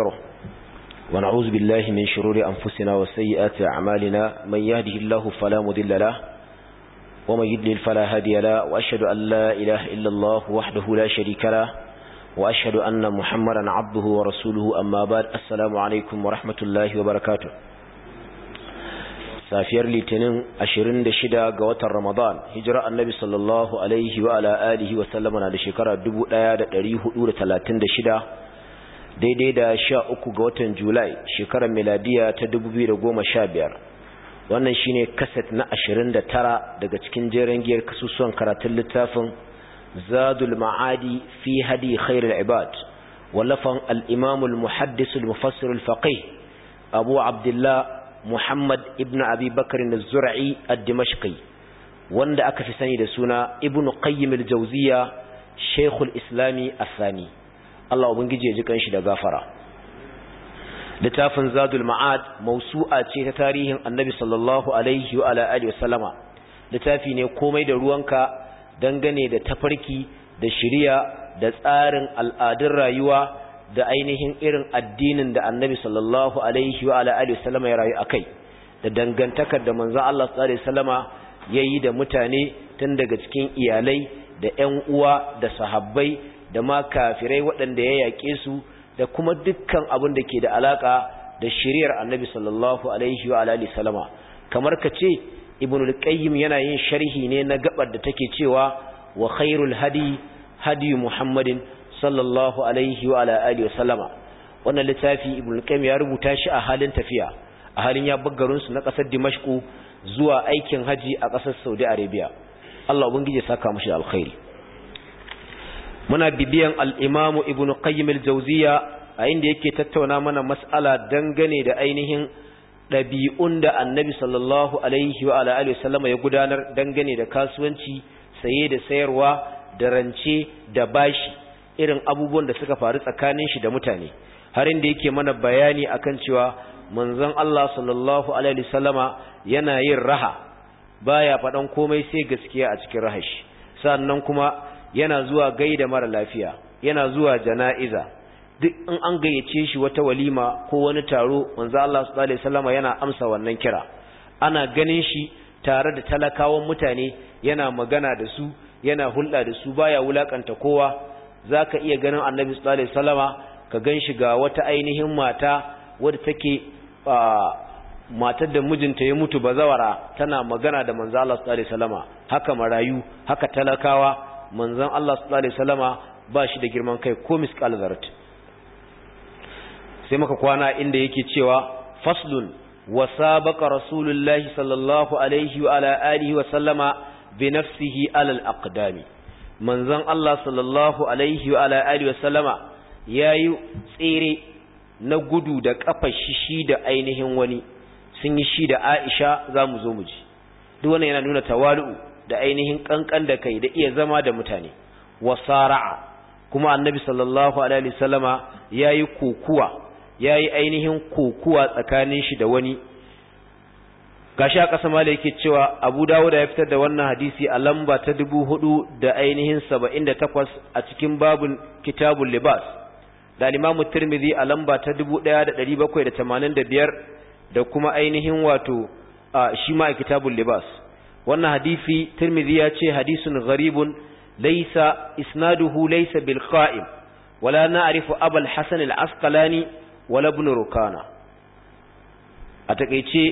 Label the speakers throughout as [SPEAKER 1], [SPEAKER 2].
[SPEAKER 1] ونستغفره ونعوذ بالله من شرور أنفسنا وسيئات أعمالنا من يهده الله فلا مضل له ومن يدلل فلا هادي له وأشهد أن لا إله إلا الله وحده لا شريك له وأشهد أن محمدا عبده ورسوله أما بعد السلام عليكم ورحمة الله وبركاته safiyar litinin 26 ga watan ramadan hijira annabi sallallahu alaihi wa ala alihi wa sallama na da shekara 1436 daidai da sha uku ga watan julai shekarar miladiya ta dubu biyu da goma sha biyar wannan shine kaset na ashirin da tara daga cikin jerin giyar kasusuwan karatun littafin zadul ma'adi fi hadi khairul ibad wallafan al'imamul muhaddisul mufassirul faƙai abu abdullah muhammad ibn abi bakar na zura'i a dimashqi wanda aka fi sani da suna ibn qayyim al-jawziya shaykhul islami asani Allah ubangiji ya ji kanshi da gafara littafin zadul ma'ad mausu'a ce ta tarihin annabi sallallahu alaihi wa alihi wasallama littafi ne komai da ruwanka dangane da tafarki da shiriya da tsarin al'adun rayuwa da ainihin irin addinin da annabi sallallahu alaihi wa alihi wasallama ya rayu akai da dangantakar da manzon Allah sallallahu alaihi wasallama yayi da mutane tun daga cikin iyalai da ƴan uwa da sahabbai da ma kafirai waɗanda ya yaƙe su da kuma dukkan abin da ke da alaƙa da shiriyar annabi sallallahu alaihi wa alihi salama kamar ka ce ibn al-qayyim yana yin sharhi ne na gabar da take cewa wa khairul hadi hadi muhammadin sallallahu alaihi wa alihi wa salama wannan littafi ibn al-qayyim ya rubuta shi a halin tafiya a halin ya baggarun su na kasar dimashku zuwa aikin haji a kasar saudi arabia Allah ubangiji ya saka mushi alkhairi muna bibiyan Al'imamu imam Ibn Qayyim al a inda yake tattauna mana mas'ala dangane da ainihin ɗabi'un da Annabi sallallahu alaihi wa ala alihi ya gudanar dangane da kasuwanci saye da sayarwa da rance da bashi irin abubuwan da suka faru tsakanin shi da mutane har inda yake mana bayani akan cewa manzon Allah sallallahu alaihi sallama yana yin raha baya faɗan komai sai gaskiya a cikin rahashi sannan kuma yana zuwa gaida mara lafiya yana zuwa jana'iza duk in an gayyace shi wata walima ko wani taro manzo Allah sallallahu alaihi wasallama yana amsa wannan kira ana ganin shi tare da talakawan mutane yana magana da su yana hulɗa da su baya wulakanta kowa zaka iya ganin annabi sallallahu alaihi wasallama ka ganshi ga wata ainihin mata wadda take matar da mijinta ya mutu bazawara tana magana da manzo Allah sallallahu alaihi wasallama haka marayu haka talakawa manzon Allah sallallahu alaihi wasallama ba shi da girman kai ko misqal zarat sai muka kwana inda yake cewa faslun wa sabaqa rasulullahi sallallahu alaihi wa ala alihi wa sallama bi nafsihi ala al-aqdami manzon Allah sallallahu alaihi wa ala alihi wa sallama yayi tsere na gudu da kafar shi shi da ainihin wani sun yi shi da Aisha zamu zo mu ji duk wannan yana nuna tawalu da ainihin kankan da kai da iya zama da mutane wasara'a kuma annabi sallallahu alaihi wasallama yayi kokuwa yayi ainihin kokuwa tsakanin shi da wani gashi a ƙasa mala yake cewa abu dawud ya fitar da wannan hadisi a lamba ta dubu hudu da ainihin saba'in da takwas a cikin babun kitabul libas da limamu tirmidhi a lamba ta dubu ɗaya da dari bakwai da tamanin da biyar da kuma ainihin wato a shi ma a kitabul libas wannan hadisi tirmidhi ya ce hadisun gharibun laysa isnaduhu laysa bil qa'im wala na'rifu abul hasan al asqalani wala ibn rukana a takeice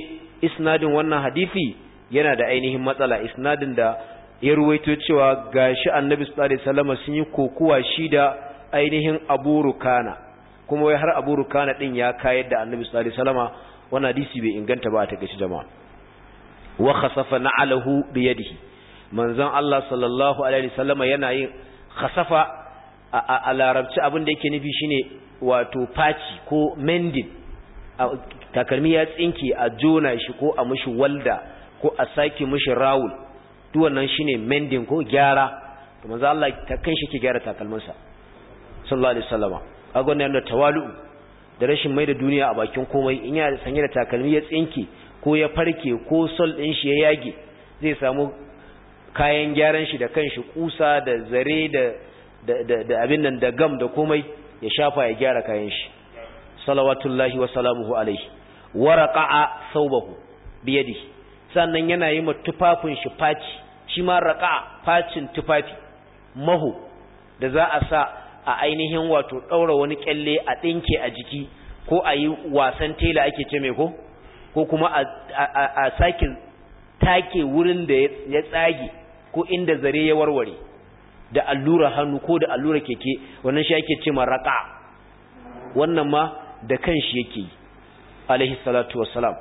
[SPEAKER 1] isnadin wannan hadisi yana da ainihin matsala isnadin da ya ruwaito cewa gashi annabi sallallahu alaihi wasallam sun yi kokuwa shi da ainihin abu rukana kuma wai har abu rukana din ya kayar da annabi sallallahu alaihi wannan hadisi bai inganta ba a takeice jama'a wa khasafa na'alahu bi yadihi manzon Allah sallallahu alaihi wasallam yana yin khasafa a larabci abin da yake nufi shine wato faci ko mending takalmi ya tsinki a jona shi ko a mushi walda ko a saki mushi rawul duk wannan shine mending ko gyara to manzon Allah ta kai shi ke gyara takalmansa sallallahu alaihi wasallam kaga yana tawalu da rashin mai da duniya a bakin komai in ya sanya da takalmi ya tsinki ko ya farke ko sol ɗin shi ya yage zai samu kayan gyaran shi da kanshi kusa da zare da da abin nan da gam da komai ya shafa ya gyara kayan shi salawatullahi wa salamuhu alaihi waraqa'a thawbahu biyadi sannan yana yi tufafin shi faci shi ma raqa'a facin tufafi maho da za a sa a ainihin wato daura wani kyalle a dinke a jiki ko a yi wasan tela ake ce me ko ko kuma a sake take wurin da ya tsage ko inda zare ya warware da allura hannu ko da allura keke wannan shi yake ce maraka wannan ma da kanshi yake yi alaihi salatu wassalam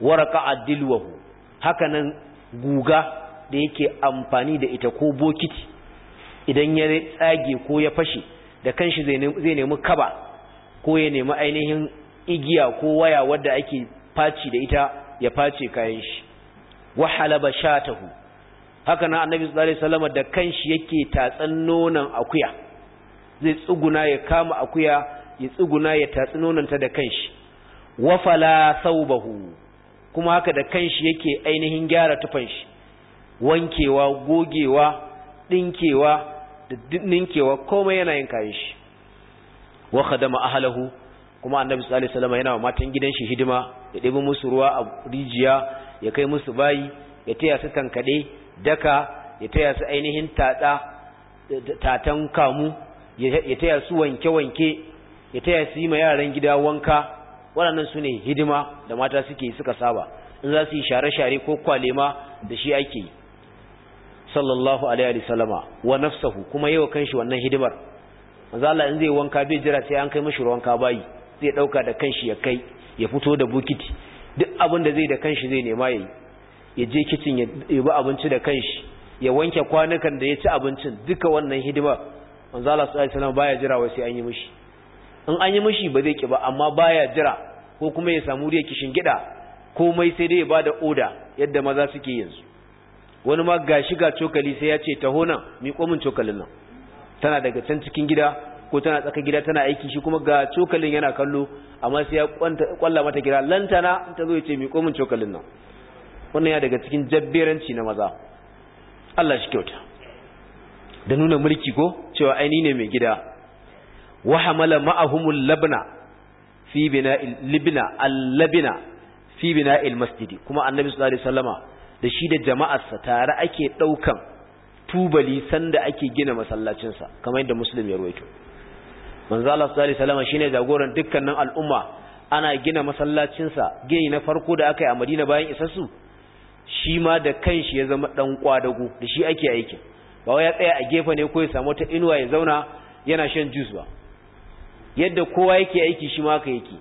[SPEAKER 1] waraka adilwahu haka nan guga da yake amfani da ita ko bokiti idan ya tsage ko ya fashe da kanshi zai nemi kaba ko ya nemi ainihin igiya ko waya wadda ake faci da ita ya face kayan shi wa halaba shatahu haka nan annabi sallallahu alaihi wasallam da kanshi yake tatsan nonon akuya zai tsuguna ya kama akuya ya tsuguna ya tatsi nononta da kanshi wa fala saubahu kuma haka da kanshi yake ainihin gyara tufan shi wankewa gogewa dinkewa da dinkewa komai yana yin kayan shi wa khadama ahlahu kuma annabi sallallahu alaihi wasallam yana wa matan gidan shi hidima ya ɗebi musu ruwa a rijiya ya kai musu bayi ya taya su tankaɗe daka ya taya su ainihin taɗa tatan kamu ya taya su wanke-wanke ya taya su yi ma yaran gida wanka waɗannan su ne hidima da mata suke suka saba in za su yi share-share ko kwalema da shi ake yi sallallahu alaihi wa sallama. wa nafsahu kuma yawa kanshi wannan hidimar manzo Allah in zai wanka bai jira sai an kai ruwan wanka bayi zai dauka da kanshi ya kai ya fito da bukiti duk abin da zai da kanshi zai nema yayi ya je kitchen ya yi abinci da kanshi ya wanke kwanukan da ya ci abincin duka wannan hidima manzo Allah sallallahu alaihi baya jira wai sai an yi mishi in an yi mishi ba zai ki ba amma baya jira ko kuma ya samu riya kishin gida komai sai dai ya bada oda yadda maza suke yanzu wani ma gashi ga cokali sai ya ce taho nan mikomin cokalin nan tana daga can cikin gida ko tana tsaka gida tana aiki shi kuma ga cokalin yana kallo amma sai ya kwalla mata gida lantana ta zo ya ce mai min cokalin nan wannan ya daga cikin jabberanci na maza Allah shi kyauta da nuna mulki ko cewa aini ne mai gida wa hamala ma'ahumul labna fi bina libna allabina fi bina masjid kuma annabi sallallahu alaihi wasallama da shi da jama'arsa tare ake daukan tubali sanda ake gina masallacinsa kamar yadda muslim ya ruwaito manzo Allah sallallahu alaihi wasallam shine jagoran dukkanin al'umma ana gina masallacin sa gini na farko da aka yi a Madina bayan isassu shi ma da kanshi ya zama dan kwadago da shi ake aikin ba wai ya tsaya a gefe ne ko ya samu ta inuwa ya zauna yana shan juice ba yadda kowa yake aiki shi ma ka yake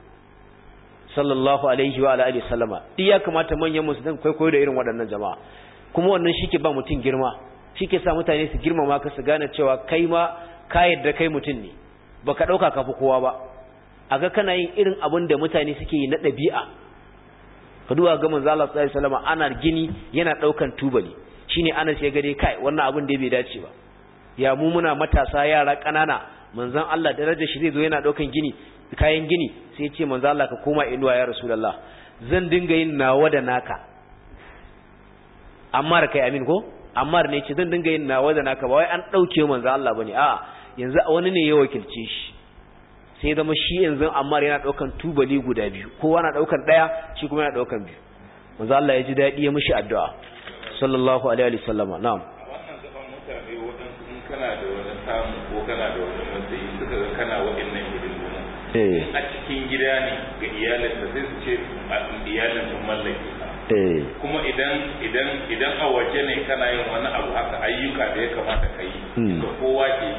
[SPEAKER 1] sallallahu alaihi wa alihi sallama duk ya kamata manyan musulmai kwaikwayo da irin waɗannan jama'a kuma wannan shike ba mutum girma shike sa mutane su girmama ka su gane cewa kai ma ka yarda kai mutum ne baka dauka kafi kowa ba aga kana yin irin abin da mutane suke yi na dabi'a ka duba ga manzo Allah sallallahu alaihi wasallam ana gini yana daukan tubali shine Anas ya gare kai wannan abin da bai dace ba ya mu muna matasa yara kanana manzon Allah daraja shi zai zo yana daukan gini kayan gini sai ya ce manzo Allah ka koma inuwa ya rasulullah zan dinga yin nawa da naka Ammar kai amin ko Ammar ne ce zan dinga yin nawa da naka ba wai an dauke manzo Allah bane a'a yanzu a wani ne ya wakilce shi sai zama shi yanzu amma yana daukan tubali guda biyu kowa na daukan daya shi kuma yana daukan biyu manzo Allah ya ji dadi ya mishi addu'a sallallahu alaihi wa sallama na'am wannan zaman mutane wadansu in kana da wani samu ko kana da wani matsayi suka ga kana waɗannan hidimomi eh a cikin gida ne ga iyalinka sai su ce a iyalin sun mallake eh. kuma idan idan idan a waje ne kana yin wani abu haka ayyuka da ya kamata ka yi ga hmm. kowa ke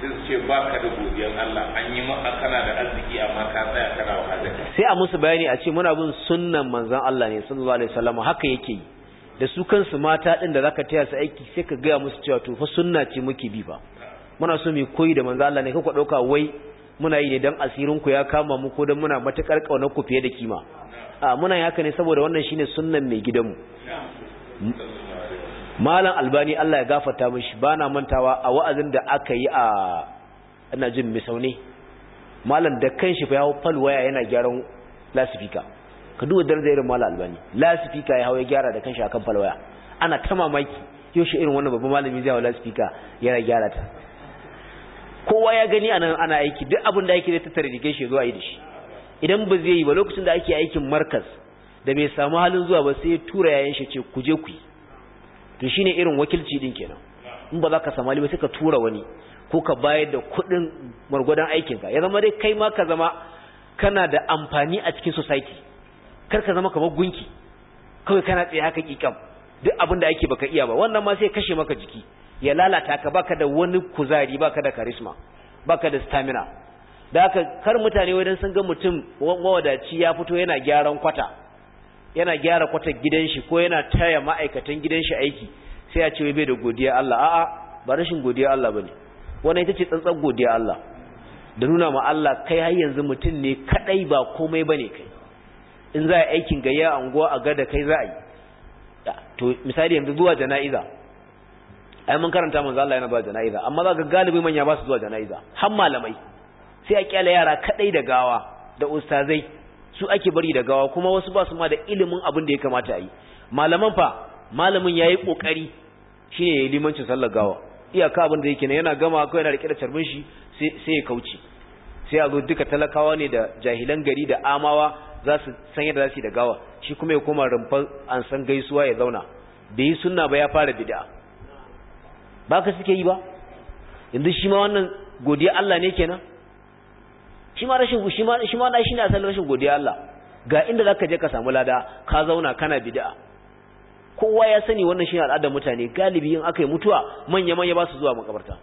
[SPEAKER 1] sai ce ba ka da godiyar Allah an yi ma kana da arziki amma ka tsaya kana wa hazaka sai a musu bayani a ce muna bin sunnan manzon Allah ne sallallahu alaihi wasallam haka yake yi da su kansu mata din da zaka taya su aiki sai ka gaya musu cewa to fa sunna ce muke bi ba muna so mu koyi da manzon Allah ne kuka dauka wai muna yi ne dan asirin ku ya kama mu ko dan muna matakar kaunar ku fiye da kima a muna yi haka ne saboda wannan shine sunnan mai gidanmu malam albani Allah ya gafarta mishi bana mantawa a wa'azin da aka yi a ina jin misaune malam da kanshi fa yawo waya yana gyaran lasifika ka duba darajar irin malam albani lasifika ya hawo ya gyara da kanshi akan fal waya. ana ta mamaki yaushe irin wannan babban malami zai hawo lasifika yana gyara ta kowa ya gani anan ana aiki duk abin da yake da tattare da shi zuwa yi da idan ba zai yi ba lokacin da ake aikin markas da bai samu halin zuwa ba sai ya tura yayin shi ce ku je ku yi to shine irin wakilci din kenan in ba za ka samu sai ka tura wani ko ka bayar da kuɗin margwadon aikinka ya zama dai kai ma ka zama kana da amfani a cikin society kar ka zama kamar gunki kawai kana tsaye haka kikam duk abin da ake baka iya ba wannan ma sai kashe maka jiki ya lalata ka baka da wani kuzari baka da karisma baka da stamina da haka kar mutane wajen sun ga mutum mawadaci ya fito yana gyaran kwata yana gyara kwatar gidan shi ko yana taya ma'aikatan gidan shi aiki sai ya ce bai da godiya Allah a'a ba rashin godiya Allah bane wannan ita ce tsantsan godiya Allah da nuna ma Allah kai har yanzu mutum ne kadai ba komai bane kai in za a aikin gayya a unguwa a gada kai za a yi to misali yanzu zuwa jana'iza ai mun karanta manzo Allah yana ba jana'iza amma za ga galibi manya ba su zuwa jana'iza har malamai sai a kyale yara kadai da gawa da ustazai su ake bari da gawa kuma wasu ba su ma da ilimin abin da ya kamata a yi malaman fa malamin ya yi ƙoƙari shi ne ya yi limancin sallar gawa iyaka abin da yake nan yana gama kawai yana rike da carbin shi sai ya kauce sai a zo duka talakawa ne da jahilan gari da amawa za su san yadda za su yi da gawa shi kuma ya koma rumfar an san gaisuwa ya zauna bai yi sunna ba ya fara bid'a ba ka suke yi ba yanzu shi ma wannan godiya Allah ne kenan shi ma rashin shi ma shi ma shine asalin rashin godiya Allah ga inda zaka je ka samu lada ka zauna kana bid'a kowa ya sani wannan shine al'adar mutane galibi in aka yi mutuwa manya manya ba su zuwa makabarta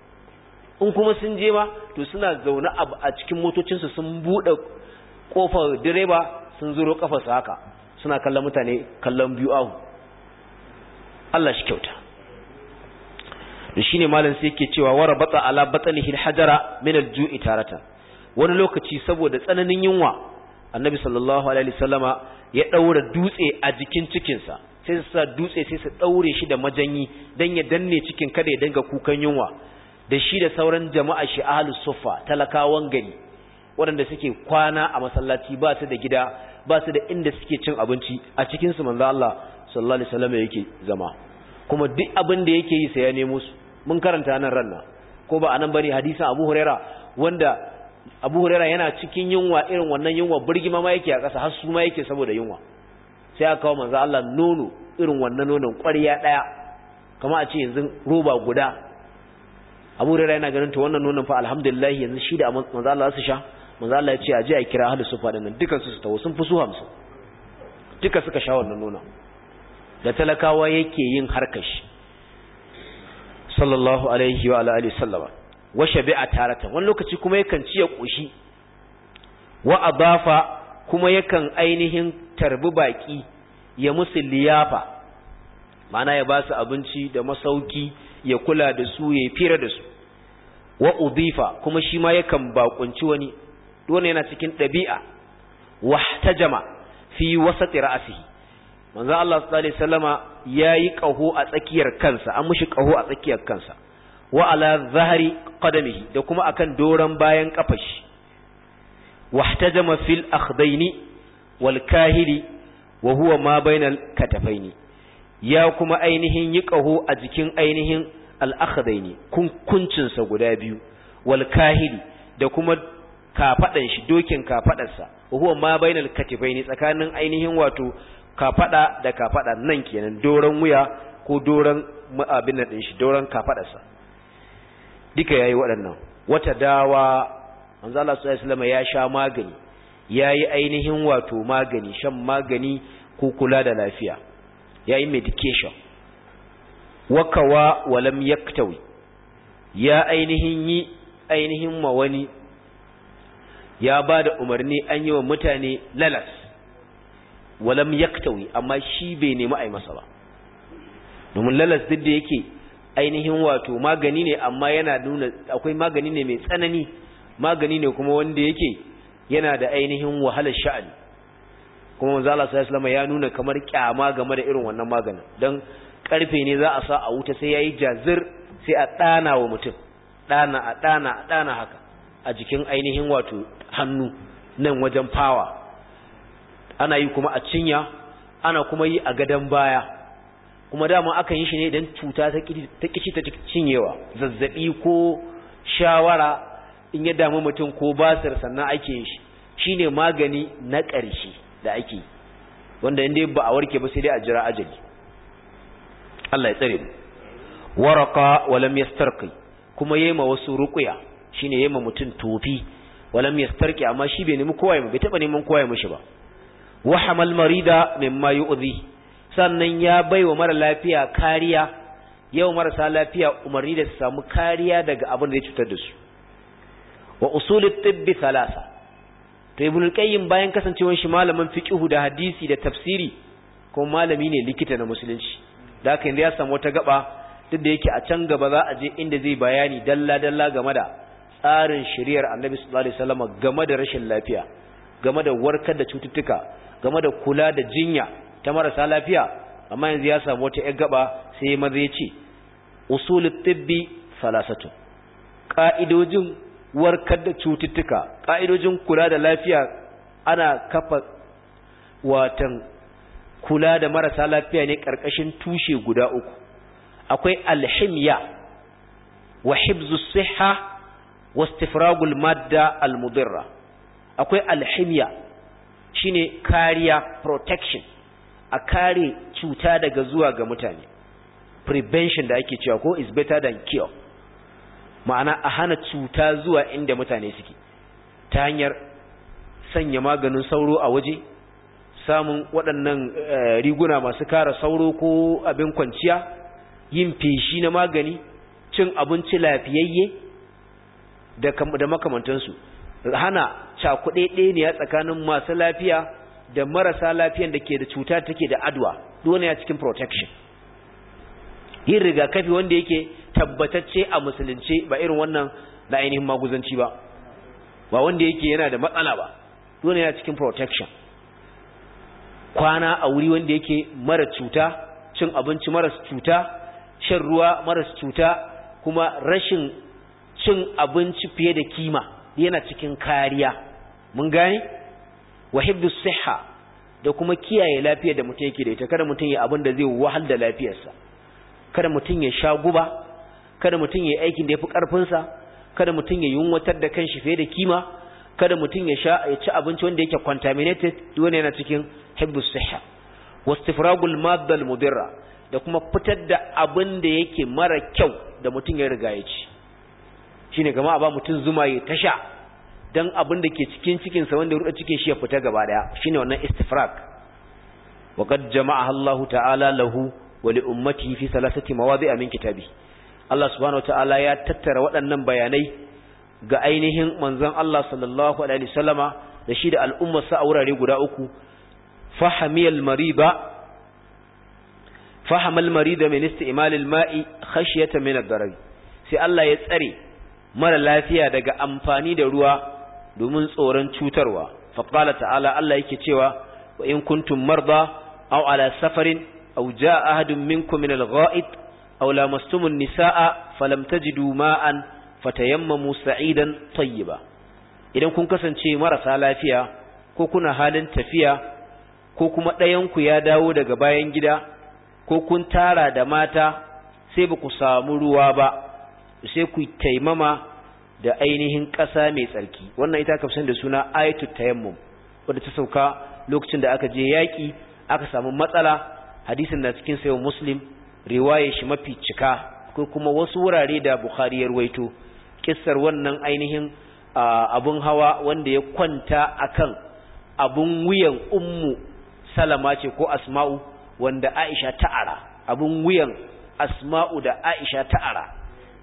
[SPEAKER 1] in kuma sun je ma to suna zaune a cikin motocinsu sun buɗe kofar direba sun zuro su haka suna kallon mutane kallon biyu ahu Allah shi kyauta da shine malam sai yake cewa wara batsa ala batanihi hajara min alju'i taratan wani lokaci saboda tsananin yunwa annabi sallallahu alaihi wasallama ya daura dutse a jikin cikinsa sai su sa dutse sai su daure shi da majanyi dan ya danne cikin kada ya danga kukan yunwa da shi da sauran jama'a shi ahlus suffa talakawan gari waɗanda suke kwana a masallaci ba su da gida ba su da inda suke cin abinci a cikin su manzo Allah sallallahu alaihi wasallama yake zama kuma duk abin da yake yi sai ya nemo su mun karanta nan ranna ko ba anan bane hadisin Abu Huraira wanda abu huraira yana cikin yunwa irin wannan yunwa burgima ma yake a ƙasa har su ma yake saboda yunwa sai aka kawo manzo Allah nono irin wannan nonon ƙwarya ɗaya kama a ce yanzu roba guda abu huraira yana ganin to wannan nonon fa alhamdulillah yanzu shi da manzo Allah su sha manzo Allah ya ce a je a kira ahli sufa dinnan dukan su su tawo sun fi su 50 duka suka sha wannan nonon da talakawa yake yin harkashi sallallahu alaihi wa alihi sallama wa shabi'a taratan wani lokaci kuma yakan ci ya koshi wa abafa kuma yakan ainihin tarbi baki ya musu liyafa ma'ana ya ba su abinci da masauki ya kula da su ya fira da su wa Ubifa kuma shi ma yakan bakunci wani wannan yana cikin ɗabi'a tajama fi wasati ra'sihi manzo Allah sallallahu alaihi wasallama yayi kaho a tsakiyar kansa an mushi kaho a tsakiyar kansa wa ala zahari qadamihi da kuma akan doran bayan kafashi wahtajama fil akhdaini wal kahili wa huwa ma bainal katafaini ya kuma ainihin yi a jikin ainihin al akhdaini kunkuncin sa guda biyu wal kahili da kuma kafadan shi dokin sa wa huwa ma bainal katafaini, tsakanin ainihin wato kafada da kafada nan kenan doran wuya ko doran abin nan din shi doran kafadarsa duka yayi waɗannan wata dawa manzo Allah sallallahu alaihi ya sha magani yayi ainihin wato magani shan magani ko kula da lafiya yayi medication wakawa walam yaktawi ya ainihin yi ainihin ma wani ya ba da umarni an yi wa mutane lalas walam yaktawi amma shi bai nemi a yi masa ba domin lalas duk da yake ainihin wato magani ne amma yana nuna akwai magani ne mai tsanani magani ne kuma wanda yake yana da ainihin wahalar sha'ani kuma manzo Allah sallallahu ya nuna kamar kyama game da irin wannan magani dan karfe ne za a sa a wuta sai yayi jazir sai a dana wa mutum dana a dana a dana haka a jikin ainihin wato hannu nan wajen fawa ana yi kuma a cinya ana kuma yi a gadon baya kuma dama aka yi shi ne idan cuta ta kici ta cinyewa zazzabi ko shawara in ya damu mutum ko basir sannan ake yin shi ne magani na ƙarshe da ake wanda inda ba a warke ba sai dai a jira ajali Allah ya tsare mu waraka walam yastarqi kuma yema wasu ruqya shine yema mutum tofi walam yastarqi amma shi bai nemi kowa ya bai taba neman kowa ya mishi ba wa hamal marida mimma yu'dhi sannan ya baiwa mara lafiya kariya yau marasa lafiya umarni da su samu kariya daga abin da ya cutar da su wa usulit tibbi salasa. to ibn al-qayyim bayan kasancewar shi malamin fiqh da hadisi da tafsiri Kuma malami ne likita na musulunci da haka yanzu ya samu wata gaba duk da yake a can gaba za a je inda zai bayani dalla dalla game da tsarin shari'ar annabi sallallahu alaihi wasallam game da rashin lafiya game da warkar da cututtuka game da kula da jinya ta marasa lafiya amma yanzu ya samu wata yar gaba sai maza ya ce usulut tibbi salasatu ka'idojin warkar da cututtuka ka'idojin kula da lafiya ana kafa watan kula da marasa lafiya ne ƙarƙashin tushe guda uku akwai alhimya wa hibzu sihha wa istifragul madda almudirra akwai alhimya shine kariya protection a kare cuta daga zuwa ga mutane prevention da ake cewa ko is better than cure ma'ana a hana cuta zuwa inda mutane suke ta hanyar sanya maganin sauro a waje samun waɗannan eh, riguna masu kara sauro ko abin kwanciya yin feshi na magani cin abinci lafiyayye da makamantansu hana cakuɗe ɗaya ne a tsakanin masu lafiya da marasa lafiyan da ke da cuta take da adwa dole ya cikin protection yin rigakafi wanda yake tabbatacce a musulunci ba irin wannan na ainihin maguzanci ba ba wanda yake yana da matsala ba dole ya cikin protection kwana a wuri wanda yake mara cuta cin abinci maras cuta shan ruwa maras cuta kuma rashin cin abinci fiye da kima yana cikin kariya mun gane wa hibdu siha da kuma kiyaye lafiyar da mutum yake da ita kada mutum ya abin da zai wahal da lafiyarsa kada mutum ya sha guba kada mutum ya aikin da yafi karfin sa kada mutum ya yunwatar da kanshi fiye da kima kada mutum ya sha ya ci abinci wanda yake contaminated wanda yana cikin hibdu siha wastifragul maddal mudirra da kuma fitar da abin da yake mara kyau da mutum ya riga ya ci shine gama a ba mutum zuma ya tasha dan abin da ke cikin cikinsa wanda ya ruɗa cikin shi ya fita gaba daya shine wannan istifrak wa qad jama'a Allah ta'ala lahu wa li ummatihi fi salasati mawadi'a min kitabi Allah subhanahu ta'ala ya tattara waɗannan bayanai ga ainihin manzon Allah sallallahu alaihi wasallama da shi da al'ummar sa a wurare guda uku fahamiyal mariba fahamal marida min isti'mal mai khashyatan min ad-darar sai Allah ya tsare mara lafiya daga amfani da ruwa domin tsoron cutarwa faqala ta'ala Allah yake cewa wa in kuntum marda aw ala safarin aw jaa ahadun minkum min al-gha'it aw an nisaa falam tajidu ma'an fatayammamu sa'idan tayyiba idan kun kasance marasa lafiya ko kuna halin tafiya ko kuma ɗayan ku ya dawo daga bayan gida ko kun tara da mata sai ba ku samu ruwa ba sai ku taimama da ainihin ƙasa mai tsarki wannan ita aka da suna ayatul tayammum wadda ta sauka lokacin da aka je yaƙi aka samu matsala hadisin na cikin sayo muslim riwaya shi mafi cika ko kuma wasu wurare da bukhari ya ruwaito kissar wannan ainihin abun hawa wanda ya kwanta akan abun wuyan ummu salama ce ko asma'u wanda aisha ta ara. abun wuyan asma'u da aisha ta ara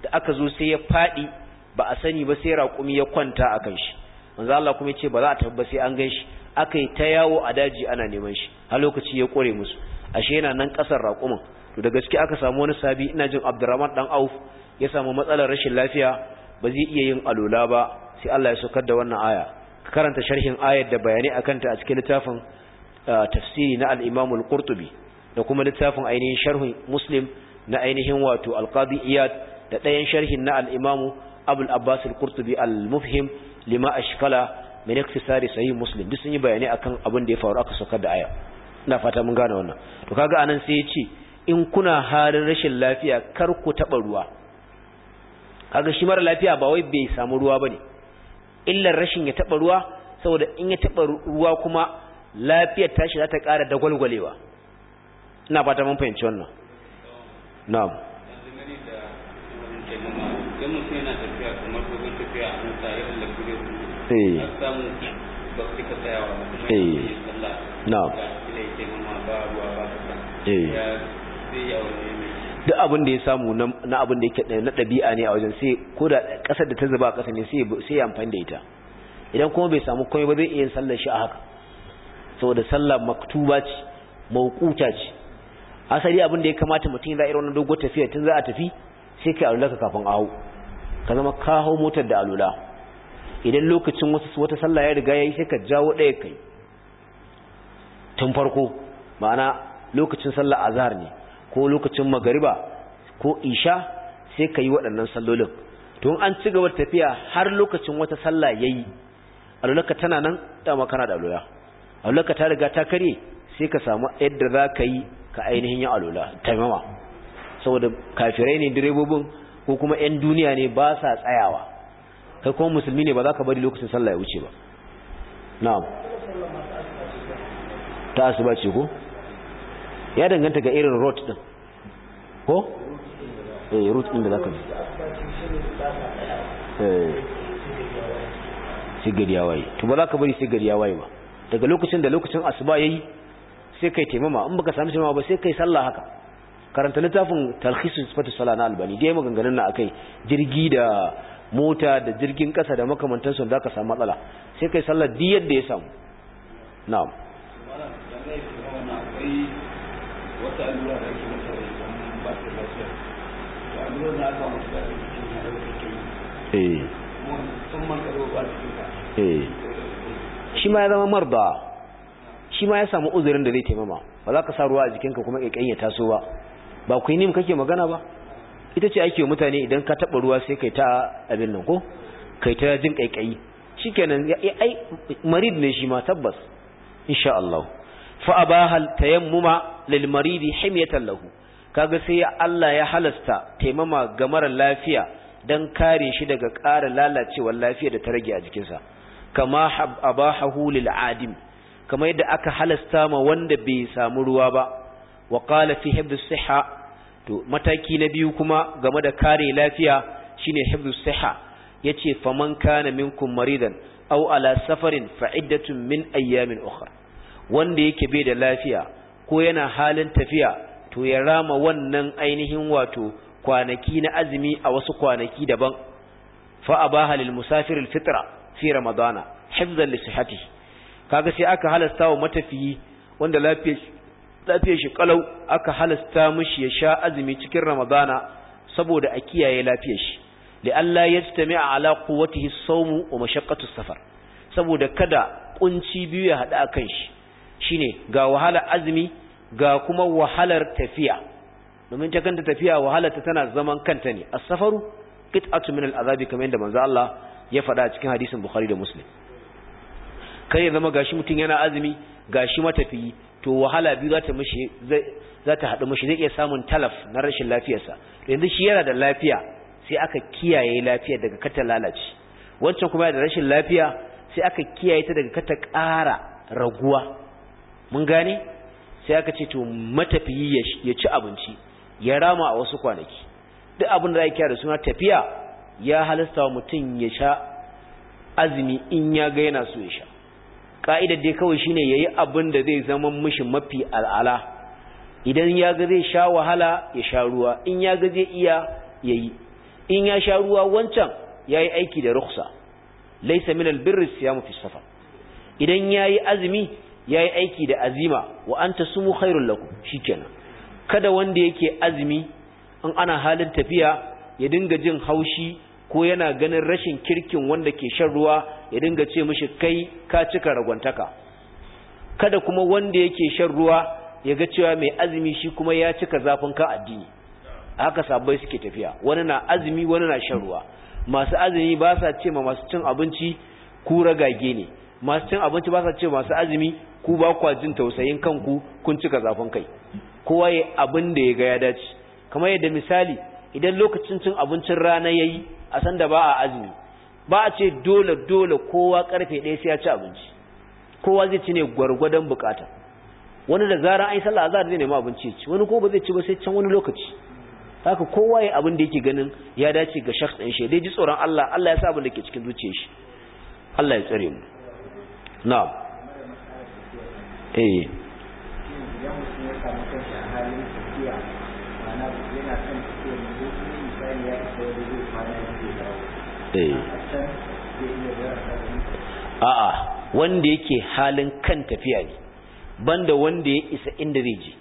[SPEAKER 1] da aka zo sai ya faɗi ba a sani ba sai raƙumi ya kwanta a kan shi manzo Allah kuma yace ba za a tabba sai an gan shi aka yi ta yawo a daji ana neman shi har lokaci ya kore musu ashe yana nan kasar raƙuman. to da gaske aka samu wani sabi ina jin Abdurrahman dan Auf ya samu matsalar rashin lafiya ba zai iya yin alola ba sai Allah ya saukar da wannan aya ka karanta sharhin ayar da bayanai akan ta a cikin littafin ah, tafsiri na al-Imam al-Qurtubi da kuma littafin ainihin sharhin Muslim na ainihin wato al-Qadi Iyad da ɗayan sharhin na al-Imam abul abbas al-qurtubi al-mufhim lima ashkala min sahih muslim duk sun yi bayani kan abin da ya faru aka saukar da aya ina fata mun gane wannan to kaga anan sai ya ce in kuna harin rashin lafiya kar ku taɓa ruwa kaga shi mara lafiya ba wai bai samu ruwa ba ne. illar rashin ya taɓa ruwa saboda in ya taɓa ruwa kuma lafiyar tashi za ta ƙara dagwalgwalewa ina fata mun fahimci wannan na'am eh eh na'am eh duk abin da ya samu na abin da yake na ɗabi'a ne a wajen sai ko da ƙasar da ta zuba ƙasa ne sai ya amfani da ita idan kuma bai samu komai ba zai iya sallar shi a haka saboda sallar maktuba ce mawquta ce asali abin da ya kamata mutum ya irin wannan dogon tafiya tun za a tafi sai kai alula ka kafin aho ka zama ka motar da alula idan lokacin wasu wata sallah ya riga ya sai ka jawo ɗaya kai tun farko ma'ana lokacin sallah azhar ne ko lokacin magariba ko isha sai ka yi waɗannan sallolin tun an ci gaba tafiya har lokacin wata sallah yayi alulaka tana nan dama kana da alula alulaka ta riga ta karye sai ka samu yadda za ka yi ka ainihin yin alula taimama saboda kafirai ne direbobin ko kuma 'yan duniya ne ba sa tsayawa kai kuma musulmi ne ba za ka bari lokacin sallah ya wuce ba na'am ta asuba ce ko ya danganta ga irin rot din ko eh rot din da za ka bi eh sigari ya waye to ba za ka bari sigar ya waye ba daga lokacin da lokacin asuba yi sai kai taimama in baka samu taimama ba sai kai sallah haka karanta littafin talhisu sifatu sala na albani dai maganganun na akai jirgi da mota da jirgin kasa da makamantansu da ka samu matsala sai kai sallar di yadda ya samu na'am eh. Eh. shi ma ya zama marba shi ma ya samu uzurin da zai taimama ba za ka sa ruwa a jikinka kuma ƙaƙƙen ya taso ba ba ku yi nim kake magana ba ita ce ake mutane idan ka taɓa ruwa sai kai ta abin nan ko kai ta jin ƙaiƙayi shi ai marid ne shi ma tabbas insha Allah fa abaha tayammuma lil maridi himyatan lahu kaga sai Allah ya halasta taimama ga mara lafiya dan kare shi daga ƙara lalacewar lafiya da ta rage a jikinsa kama abahahu lil adim kamar yadda aka halasta ma wanda bai samu ruwa ba wa qala fi hibdus sihha to mataki na biyu kuma game da kare lafiya shine hifdhus siha yace faman kana minkum maridan aw ala safarin fa iddatun min ayyamin ukhra wanda yake bai da lafiya ko yana halin tafiya to ya rama wannan ainihin wato kwanaki na azumi a wasu kwanaki daban fa abaha lil musafir al fitra fi ramadana hifzan li sihhatihi kaga sai aka halasta wa matafiyi wanda lafiyar lafiyar shi kalau aka halasta mishi ya sha azumi cikin ramadana saboda a kiyaye lafiyar shi li li'alla a ala quwwatihi as-sawm wa mashaqqatu safar saboda kada kunci biyu ya hada kan shi shine ga wahala azumi ga kuma wahalar tafiya domin ta kanta tafiya wahalar ta tana zaman kanta ne as-safaru qit'atu min al-azabi kamar yadda manzo Allah ya faɗa cikin hadisin Bukhari da Muslim kai ya zama gashi mutun yana azumi gashi matafiyi to wahala biyu za ta mishi za ta haɗu mishi zai iya samun talaf na rashin lafiyarsa yanzu shi yana da lafiya sai aka kiyaye lafiya daga kata lalace wancan kuma da rashin lafiya sai aka kiyaye ta daga kata ƙara raguwa mun gane sai aka ce to matafiyi ya ci abinci ya rama a wasu kwanaki duk abin da za da suna tafiya ya halasta wa mutum ya sha azumi in ya ga yana so ya sha ka'idar dai kawai shine yayi abin da zai zama mishi mafi al'ala idan ya ga zai sha wahala ya sha ruwa in ya ga zai iya yayi in ya sha ruwa wancan yayi aiki da ruksa. laysa min albirr siyamu fi safar idan yayi azumi yayi aiki da azima wa anta sumu khairul lakum shikenan kada wanda yake azumi in ana halin tafiya ya dinga jin haushi ko yana ganin rashin kirkin wanda ke shan ruwa ya dinga ce mishi kai ka cika ragwantaka kada kuma wanda yake shan ruwa ya ga cewa mai azumi shi kuma ya cika zafin ka addini haka sabbai suke tafiya wani na azumi wani na shan ruwa masu azumi ba sa ce ma masu cin abinci ku ragage ne masu cin abinci ba sa ce masu azumi ku ba kwa jin tausayin kanku kun cika zafin kai kowa ya abin da ya ga ya dace kamar yadda misali idan lokacin cin abincin rana yayi a san da ba a azumi ba a ce dole dole kowa karfe ɗaya sai ya ci abinci kowa zai ci ne gwargwadon bukata wani da zaran an yi sallah azhar zai nemi abinci ci wani ko ba zai ci ba sai can wani lokaci haka kowa ya abin da yake ganin ya dace ga shakhs din shi dai ji tsoron Allah Allah ya sa abin da ke cikin zuciyar shi Allah ya tsare mu na'am eh Eh. a'a wanda yake halin kan tafiya ne banda wanda ya isa inda zai je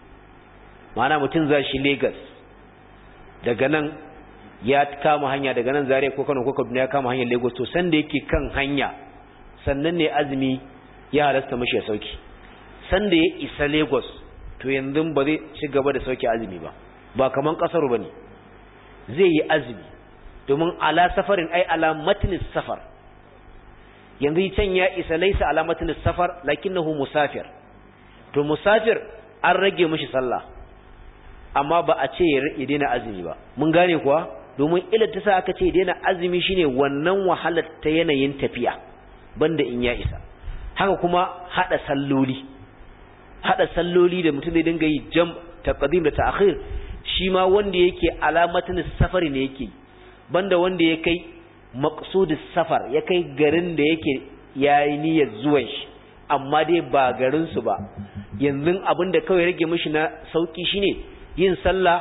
[SPEAKER 1] mana mutum za shi Legas daga nan ya kama hanya daga nan Zaria ko Kano ko Kaduna ya kama hanyar Lagos to sanda yake kan hanya sannan ne azumi ya halasta mashi ya sauki sanda ya isa Legas to yanzu ba zai ci gaba da sauki azumi ba ba kamar kasar ne, zai yi azumi domin ala safarin ai ala safar yanzu can ya isa laisa ala matnis safar lakinnahu musafir to musafir an rage mishi sallah amma ba a ce ya daina azumi ba mun gane kuwa domin illa ta sa aka ce daina azumi shine wannan wahalar ta yanayin tafiya banda in ya isa haka kuma hada salloli hada salloli da mutum zai dinga yi jam taqdim da ta'khir shi ma wanda yake alamatin safari ne yake yi banda wanda ya kai maqsudus safar ya kai garin da yake yayi niyyar zuwan shi amma dai ba garin su ba yanzu abin da kawai rage mishi na sauki shine yin sallah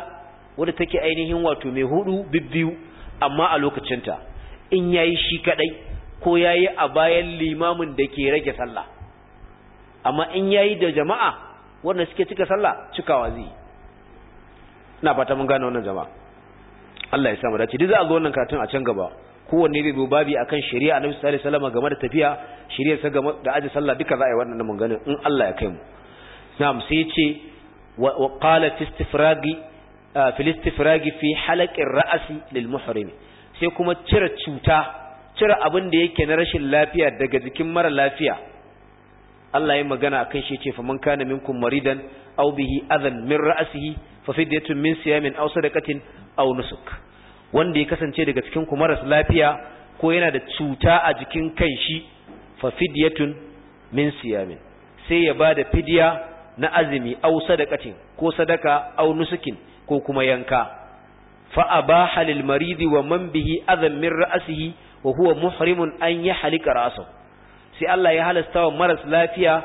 [SPEAKER 1] wanda take ainihin wato mai hudu bibbiyu amma a lokacinta in yayi shi kadai ko yayi a bayan limamin da ke rage sallah amma in yayi da jama'a wanda suke cika sallah cikawa zai na fata mun gane wannan jama'a Allah ya samu dace duk za a zo wannan karatun a can gaba kowanne zai zo babi akan shari'a Annabi sallallahu alaihi wasallam game da tafiya shari'a sa game da aji sallah duka za a yi wannan mun ganin in Allah ya kai mu na'am sai ya ce wa qala ah, istifragi fi istifragi fi ra'si lil muhrim sai kuma cire cuta cire abin da yake na rashin lafiya daga jikin mara lafiya Allah ya magana akan shi ya ce faman kana minkum maridan aw bihi adan min ra'sihi fa min siyamin aw sadaqatin aw nusuk wanda ya kasance daga cikin ku maras lafiya ko yana da cuta a jikin kan shi fa min siyamin sai ya bada fidiya na azumi aw sadaqatin ko sadaka aw nusukin ko kuma yanka fa abaha lil maridi wa man bihi adam min ra'sihi wa huwa muhrimun an yahlika ra'sahu sai Allah ya halasta wa maras lafiya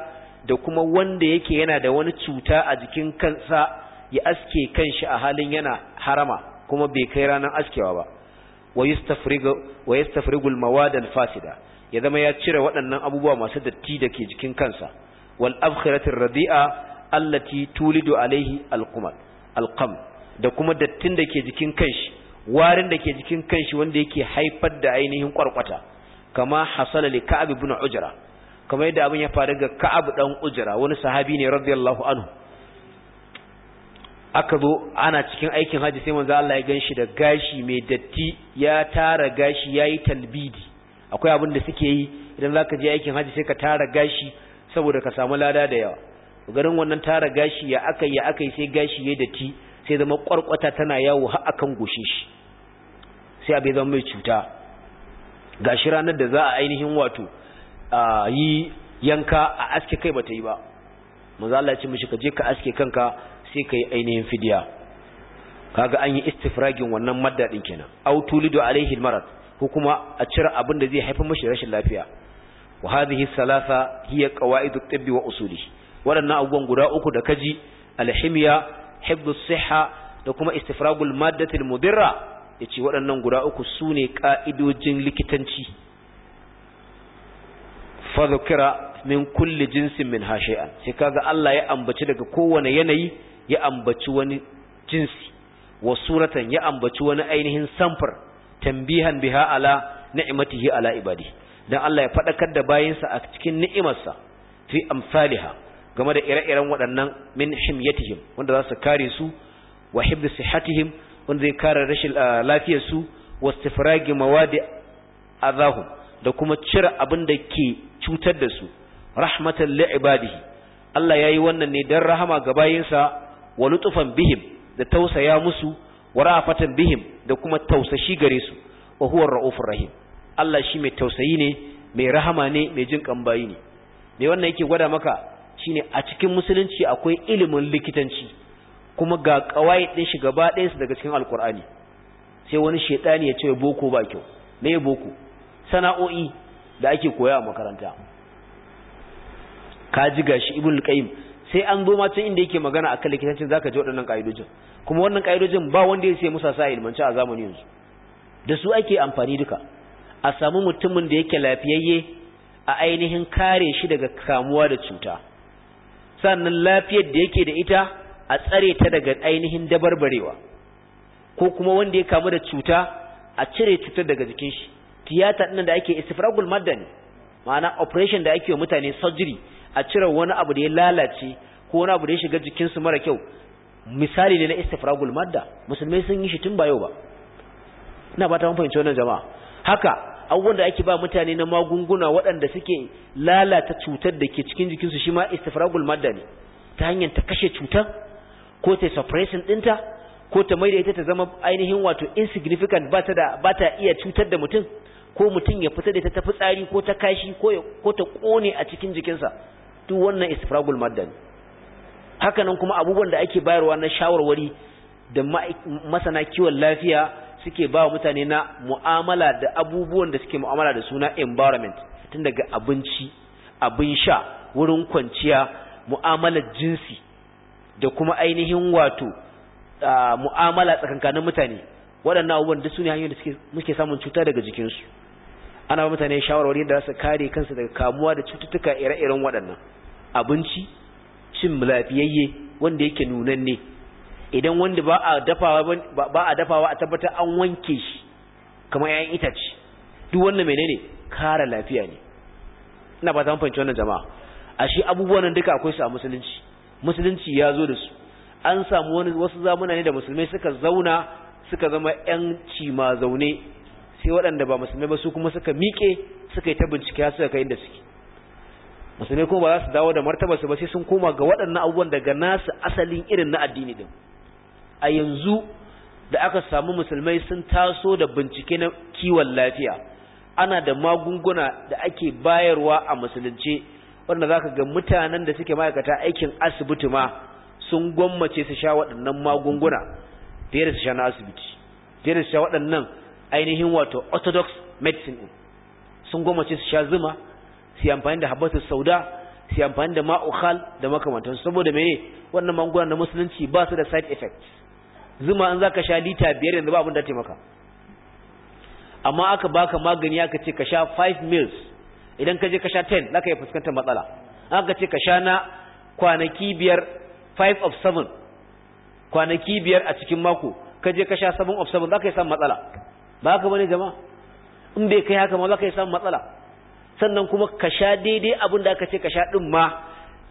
[SPEAKER 1] da kuma wanda yake yana da wani cuta a jikin kansa ya aske kanshi a halin yana harama kuma bai kai ranar askewa ba wa yastafrigul mawadal fasida ya zama ya cire waɗannan abubuwa masu datti da ke jikin kansa wal abkhiratir radi'a allati tulidu alaihi alqumal alqam da kuma dattin da ke jikin kanshi warin da ke jikin kanshi wanda yake haifar da ainihin kwarkwata kama hasala li ka'ab ibn ujra kamar yadda abin ya faru ga ka'ab dan ujra wani sahabi ne radiyallahu anhu aka zo ana cikin aikin haji sai manzo Allah ya ganshi da gashi mai datti ya tara gashi yayi talbidi akwai abin da suke yi idan zaka je aikin haji sai ka tara gashi saboda ka samu lada da yawa garin wannan tara gashi ya akai ya akai sai gashi yayi datti sai zama kwarkwata tana yawo har akan goshe shi sai abin zama mai cuta gashi ranar da za a ainihin wato yi yanka a aske kai bata yi ba manzo Allah ya ce mishi ka je ka aske kanka sai kai ainihin fidiya kaga an yi istifragin wannan madda din kenan aw tulidu alaihi almarad ko kuma a cire abin da zai haifar mashi rashin lafiya wa hadhihi salasa hiya qawaidut tibbi wa usuli wadannan abubuwan guda uku da kaji alhimiya hifdhu sihha da kuma istifragul maddatil mudirra yace waɗannan guda uku sune ka'idojin likitanci fadhkira min kulli jinsin min hashi'an sai kaga Allah ya ambaci daga kowane yanayi ya ambaci wani jinsi wa suratan ya ambaci wani ainihin samfur tambihan biha ala ni'matihi ala ibadi dan Allah ya fadakar da bayinsa a cikin ni'imarsa fi amsalha game da ire-iren waɗannan min himyatihim wanda za su kare su wa hibdu sihhatihim wanda zai kare rashin ah, lafiyar su wa istifragi mawadi azahum da kuma cire abin da ke cutar da su rahmatan li ibadihi Allah yayi wannan ne dan rahama ga bayinsa wa lutufan bihim da tausaya musu wa rafatan bihim da kuma tausashi gare su wa huwa ar-raufur rahim Allah shi mai tausayi ne mai rahama ne mai jin kambayi ne me wannan yake gwada maka shine a cikin musulunci akwai ilimin likitanci kuma ga kawai din shi gaba ɗayan daga cikin alkur'ani sai wani shaytani ya ce boko ba kyau me boko sana'o'i da ake koya a makaranta ka ji gashi ibn qayyim sai an zo ma can inda yake magana akan likitancin zaka ji waɗannan ƙa'idojin kuma wannan ƙa'idojin ba wanda ya sai musa sa ilmanci a zamanin yanzu da su ake amfani duka a samu mutumin da yake lafiyayye a ainihin kare shi daga kamuwa da cuta sannan lafiyar da yake da ita a tsare ta daga ainihin dabarbarewa ko kuma wanda ya kamu da cuta a cire cutar daga jikin shi tiyata ɗin da ake istifragul madani ma'ana operation da ake wa mutane surgery a cire wani abu da ya lalace ko wani abu da ya shiga jikinsu mara kyau misali ne na istifragul madda musulmai sun yi shi tun ba yau ba ina ba ta fahimci wannan jama'a haka abubuwan da ake ba mutane na magunguna waɗanda suke lalata cutar da ke cikin jikinsu shi ma istifragul madda ne ta hanyar ta kashe cutar ko ta suppressing ɗinta ko ta mai da ita ta zama ainihin wato insignificant ba ta iya cutar da mutum ko mutum ya fita da ita ta fitsari ko ta kashi ko ta kone a cikin jikinsa duk wannan istifragul madda ne kuma abubuwan da ake bayarwa na shawarwari da masana kiwon lafiya suke ba wa mutane na mu'amala da abubuwan da suke mu'amala da suna environment tun daga abinci abin sha wurin kwanciya mu'amalar jinsi da kuma ainihin wato mu'amala tsakankanin mutane waɗannan abubuwan duk ne hanyoyin da suke samun cuta daga jikinsu ana ba mutane shawarwari da su kare kansu daga kamuwa da cututtuka ire-iren waɗannan abinci cin lafiyayye wanda yake nunanne idan wanda ba a dafawa ba a dafawa a tabbatar an wanke shi kamar yayin itace duk wannan menene kare lafiya ne ina ba ta fahimci wannan jama'a ashe abubuwan nan duka akwai su a musulunci musulunci ya zo da su an samu wani wasu zamuna ne da musulmai suka zauna suka zama yan cima zaune sai waɗanda ba musulmai ba su kuma suka miƙe suka yi ta bincike suka kai inda suke musulmai kuma ba za su dawo da martabarsu ba sai sun koma ga waɗannan abubuwan daga nasu asalin irin na addini din a yanzu da aka samu musulmai sun taso da bincike na kiwon lafiya ana da magunguna da ake bayarwa a musulunci wanda za ka ga mutanen da suke ma'aikata aikin asibiti ma sun gwammace su sha waɗannan magunguna fiye da su sha na asibiti fiye da su sha waɗannan ainihin wato orthodox medicine sun gwammace su sha zuma sai amfani da habbatus sauda sai amfani da ma'ukhal da makamantansu saboda mene wannan mangwana na musulunci ba su da side effects zuma an zaka sha lita biyar yanzu ba abin da taimaka amma aka baka magani aka ce ka sha 5 mils idan ka je ka sha 10 zaka yi fuskantar matsala aka ce ka sha na kwanaki biyar 5 of 7 kwanaki biyar a cikin mako ka je ka sha 7 of 7 zaka yi samun matsala ba haka bane jama'a in bai kai haka ma zaka yi samun matsala sannan kuma ka sha daidai abin da aka ce ka sha ɗin ma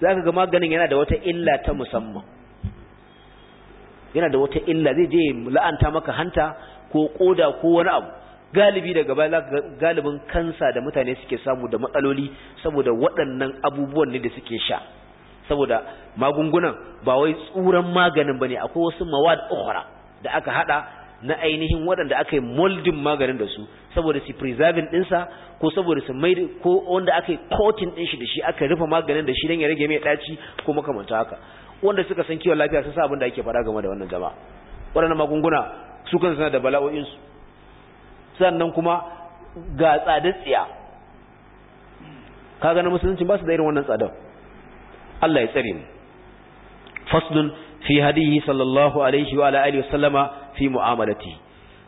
[SPEAKER 1] za ka ga maganin yana da wata illa ta musamman yana da wata illa zai je la'anta maka hanta ko ƙoda ko wani abu galibi daga baya za ka galibin kansa da mutane suke samu da matsaloli saboda waɗannan abubuwan ne da suke sha saboda magungunan ba wai tsuran maganin ba ne akwai wasu mawad ukhra da aka hada na ainihin waɗanda aka yi moldin maganin da su saboda su preserving ɗinsa ko saboda su mai ko wanda aka yi coating ɗin shi da shi aka rufe maganin da shi don ya rage mai ɗaci ko makamanta haka wanda suka san kiwon lafiya sun sa abin da ake faɗa game da wannan jama'a waɗannan magunguna su kan suna da bala'o'insu sannan kuma ga tsada tsiya kaga na musulunci ba su da irin wannan tsadar Allah ya tsare mu faslun fi hadihi sallallahu alaihi wa alihi wasallama fi mu'amalati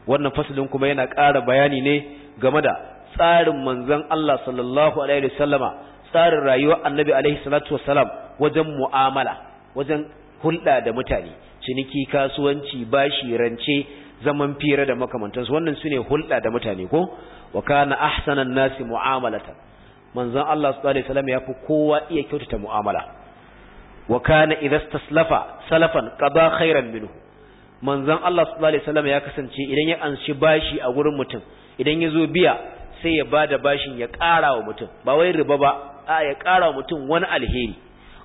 [SPEAKER 1] wannan fasalin kuma yana ƙara bayani ne game da tsarin manzon Allah sallallahu alaihi wasallama tsarin rayuwar annabi alaihi salatu wassalam wajen mu'amala wajen hulɗa da mutane ciniki kasuwanci bashi rance zaman fira da makamantansu wannan su ne hulɗa da mutane ko wa kana ahsanan nasi mu'amalatan manzon Allah sallallahu alaihi wasallam ya fi kowa iya kyautata mu'amala wa kana idza staslafa salafan qada khairan minhu manzan Allah sallallahu alaihi wasallam ya kasance idan ya anshi bashi a gurin mutum idan ya zo biya sai ya bada bashin ya ƙara wa mutum ba wai riba ba a ya ƙara wa mutum wani alheri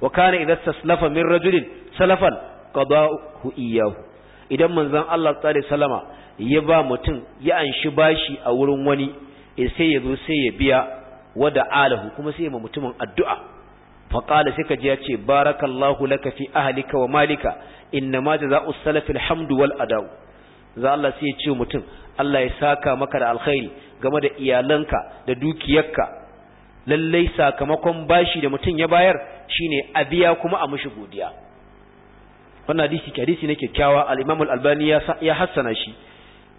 [SPEAKER 1] wa kana idza staslafa min rajulin salafan qada'u iyyahu idan manzon Allah sallallahu alaihi ya ba mutum ya anshi bashi a wurin wani eh, sai ya zo sai ya biya wada alahu kuma sai ya mutumin addu'a faƙala sai ka ji ya barakallahu laka fi ahalika wa malika inna ma jaza'u salafil hamdu wal adau za Allah sai ya ce mutum Allah ya saka maka da alkhairi game da iyalanka da dukiyarka lallai sakamakon bashi da mutum ya bayar shine a biya kuma a mushi godiya wannan hadisi hadisi ne kyakkyawa al-Imam al-Albani ya hassana shi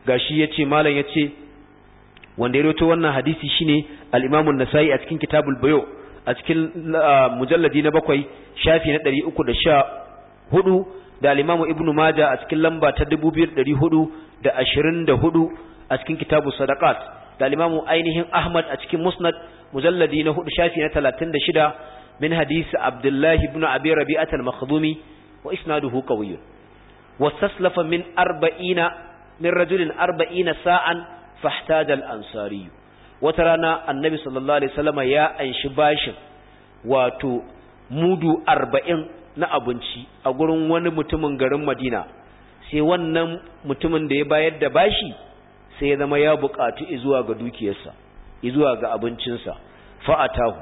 [SPEAKER 1] gashi yace malam yace wanda ya rawaito wannan hadisi shine al-Imam an-Nasa'i a cikin Kitabul Bayo' a cikin ah, mujalladi na bakwai shafi na ɗari uku da sha hudu da alimamu ibnu maja a cikin lamba ta dubu biyar ɗari hudu da ashirin da hudu a cikin kitabu sadakat da alimamu ainihin ahmad a cikin musnad mujalladi na hudu shafi na talatin da shida min hadisi abdullahi ibnu abi rabi'at al-makhdumi wa isnaduhu qawiyyun wastaslafa min arba'ina min rajulin arba'ina sa'an fahtaja al-ansariyyu wata rana annabi sallallahu alaihi wasallama ya anshi bashin wato mudu arba'in na abinci a gurin wani mutumin garin madina sai wannan mutumin da ya bayar da bashi sai ya zama ya buƙatu zuwa ga dukiyarsa zuwa ga abincinsa fa'atahu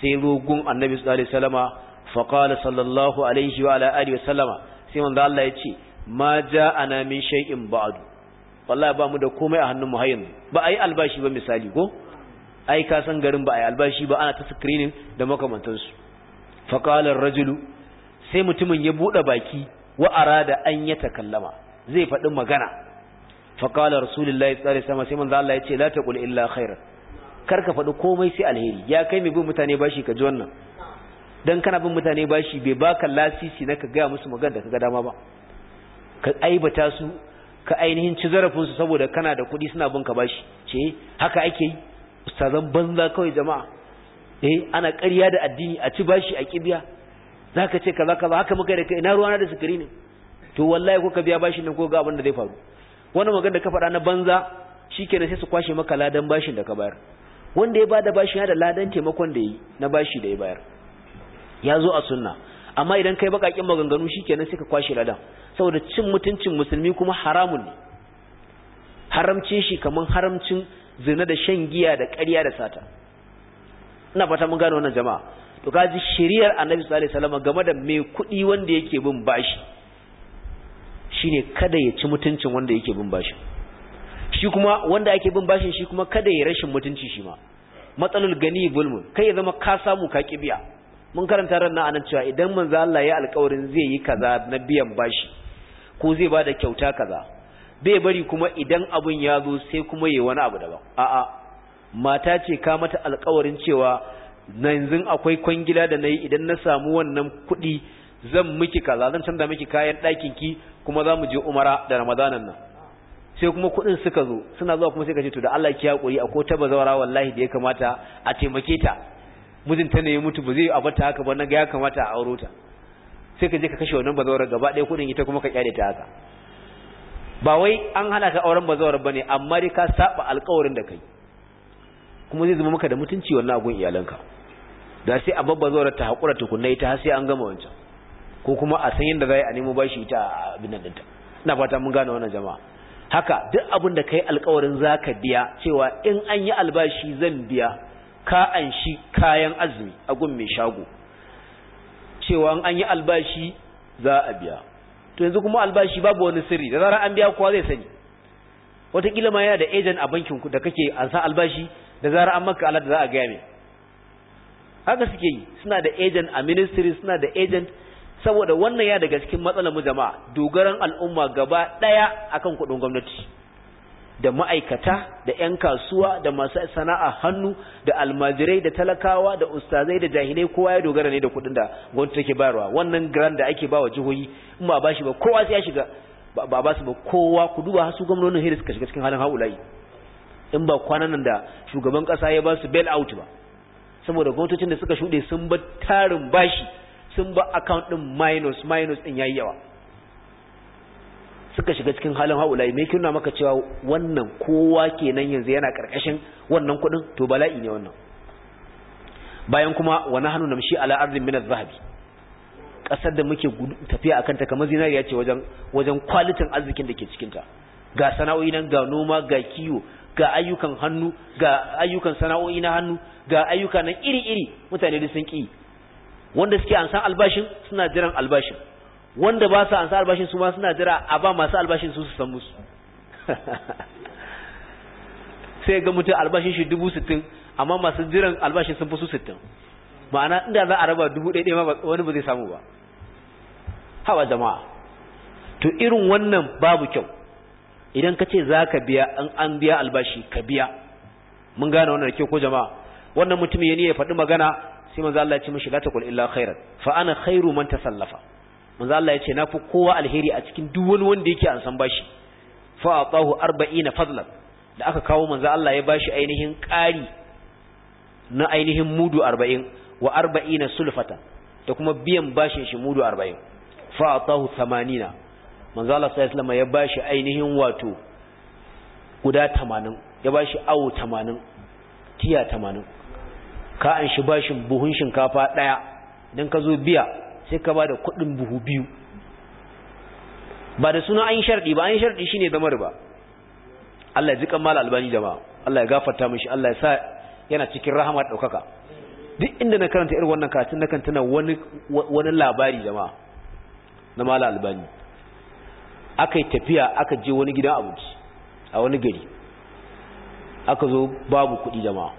[SPEAKER 1] sai rogun annabi sallallahu alaihi wasallama sallallahu alaihi wa ala alihi wasallama sai manzo Allah ya ce ma ja'ana min shay'in ba'du wallahi ba mu da komai a hannun mu har ba a yi albashi ba misali ko ai ka san garin ba a yi albashi ba ana ta screening da makamantansu fa qala ar-rajulu sai mutumin ya bude baki wa arada an ya takallama zai faɗi magana fa qala rasulullahi sallallahu alaihi wasallam sai manzo Allah ya ce la taqul illa khairan kar ka faɗi komai sai alheri ya kai mai bin mutane bashi ka ji wannan dan kana bin mutane bashi bai baka lasisi na ka ga musu magana da kaga dama ba ka aibata su ka ainihin ci zarafinsu saboda kana da kuɗi suna bin ka bashi ce haka ake yi ustazan banza kawai jama'a eh ana ƙarya da addini a ci bashi a kibiya zaka ce kaza kaza haka muka yi da kai ina ruwana da sukari ne to wallahi ko ka biya bashin nan ko ga abin da zai faru wannan magana da ka faɗa na banza shikenan sai su kwashe maka ladan bashin da ka bayar wanda ya bada bashin ya da ladan taimakon da yi na bashi da ya bayar ya zo a sunna amma idan kai bakakin maganganu shikenan sai ka kwashe ladan saboda cin mutuncin musulmi kuma haramun ne haramcin shi kaman haramcin zina da shan giya da ƙarya da sata ina fata mun gane wannan jama'a to kaji shari'ar Annabi sallallahu alaihi wasallam game da me kuɗi wanda yake bin bashi shine kada ya ci mutuncin wanda yake bin bashi. shi kuma wanda ake bin bashin shi kuma kada ya rashin mutunci shi ma matsalul gani bulmun kai ya zama ka samu ka kibiya mun karanta ran nan anan cewa idan manzo Allah ya alƙawarin zai yi kaza na biyan bashi ko zai bada kyauta kaza bai bari kuma idan abun ya zo sai kuma yayi wani abu daban a'a mata ce ka mata alƙawarin cewa yanzu akwai kwangila da nayi idan na samu wannan kuɗi zan miki kaza zan canza miki kayan ɗakin ki kuma za mu je umara da ramadanan nan sai kuma kuɗin suka zo suna zuwa kuma sai ka ce to da Allah ki hakuri akwai ta wallahi da ya kamata a taimake ta Mutum ne ya mutu ba zai ta haka ba naga ya kamata a auro ta sai ka je ka kashe wannan bazawar gaba ɗaya kudin ita kuma ka kyale ta haka ba wai an hana ka auren bazawar bane amma dai ka saba alƙawarin da kai kuma zai zama maka da mutunci wannan abun iyalanka da sai a babba zuwa ta haƙura tukunna ita sai an gama wancan ko kuma a san yadda za a nemo bashi ita a abin nan ɗinta ina fata mun gane wannan jama'a haka duk abin da kai alƙawarin za ka biya cewa in an yi albashi zan biya ka anshi kayan azumi a gun mai shago cewa an yi albashi za a biya to yanzu kuma albashi babu wani sirri da zarar an biya kowa zai sani wataƙila ma yana da ejen a bankin ku da kake an sa albashi da zarar an maka alat za a gaya mai haka suke yi suna da ejen a ministry suna da ejent saboda wannan ya daga cikin matsalar mu jama'a dogaran al'umma gaba daya akan kuɗin gwamnati da ma'aikata da 'yan kasuwa da masu sana'a hannu da almajirai da talakawa da ustazai da jahilai kowa ya dogara ne da kuɗin da gwamnati take bayarwa wannan grant da ake ba wa jihohi in ba ba shi ba kowa sai ya shiga ba ba su ba kowa ku duba su gwamnonin hiris ka shiga cikin halin haulayi in ba kwanan nan da shugaban kasa ya ba su bail out ba saboda gwamnatocin da suka shuɗe sun ba tarin bashi sun ba account din minus minus din yayi yawa suka shiga cikin halin haula'i mai yake na maka cewa wannan kowa kenan yanzu yana karkashin wannan kudin to bala'i ne wannan bayan kuma wani hannu namshi ala ardin min Zahabi, ƙasar da muke tafiya akan ta kamar zinariya ce wajen wajen kwalitin arzikin da ke cikin ta ga sana'o'i nan ga noma ga kiwo ga ayyukan hannu ga ayyukan sana'o'i na hannu ga ayyuka na iri-iri mutane da sun ki wanda suke an san albashin suna jiran albashin wanda ba su ansa albashin su ma suna jira a ba masu albashin su su san musu sai ga mutum albashin shi dubu sittin amma masu jiran albashin sun fi su sittin ma'ana inda za a raba dubu ɗaya ɗaya wani ba zai samu ba hawa jama'a to irin wannan babu kyau idan ka ce za ka biya an an biya albashi ka biya mun gane wannan da kyau ko jama'a wannan mutum ya ne ya faɗi magana sai manzo Allah ya ce mishi la taqul illa khairat fa ana khairu man tasallafa manzo Allah ya ce na fi kowa alheri a cikin duk wani wanda yake an san bashi fa atahu 40 fadlan da aka kawo manzo Allah ya bashi ainihin ƙari na ainihin mudu 40 wa 40 sulfata da kuma biyan bashin shi mudu 40 fa atahu 80 manzo Allah sallallahu alaihi ya bashi ainihin wato guda 80 ya bashi awo 80 tiya 80 ka an shi bashin buhun shinkafa daya dan ka zo biya sai ka ba da kuɗin buhu biyu ba da suna an sharɗi ba an sharɗi ne zama ba. Allah ya ji mala albani jama'a Allah ya gafarta mashi Allah ya sa yana cikin rahama da daukaka duk inda na karanta irin wannan karatun na kantuna wani wani labari jama'a na mala albani aka yi tafiya aka je wani gidan abinci a wani gari aka zo babu kuɗi jama'a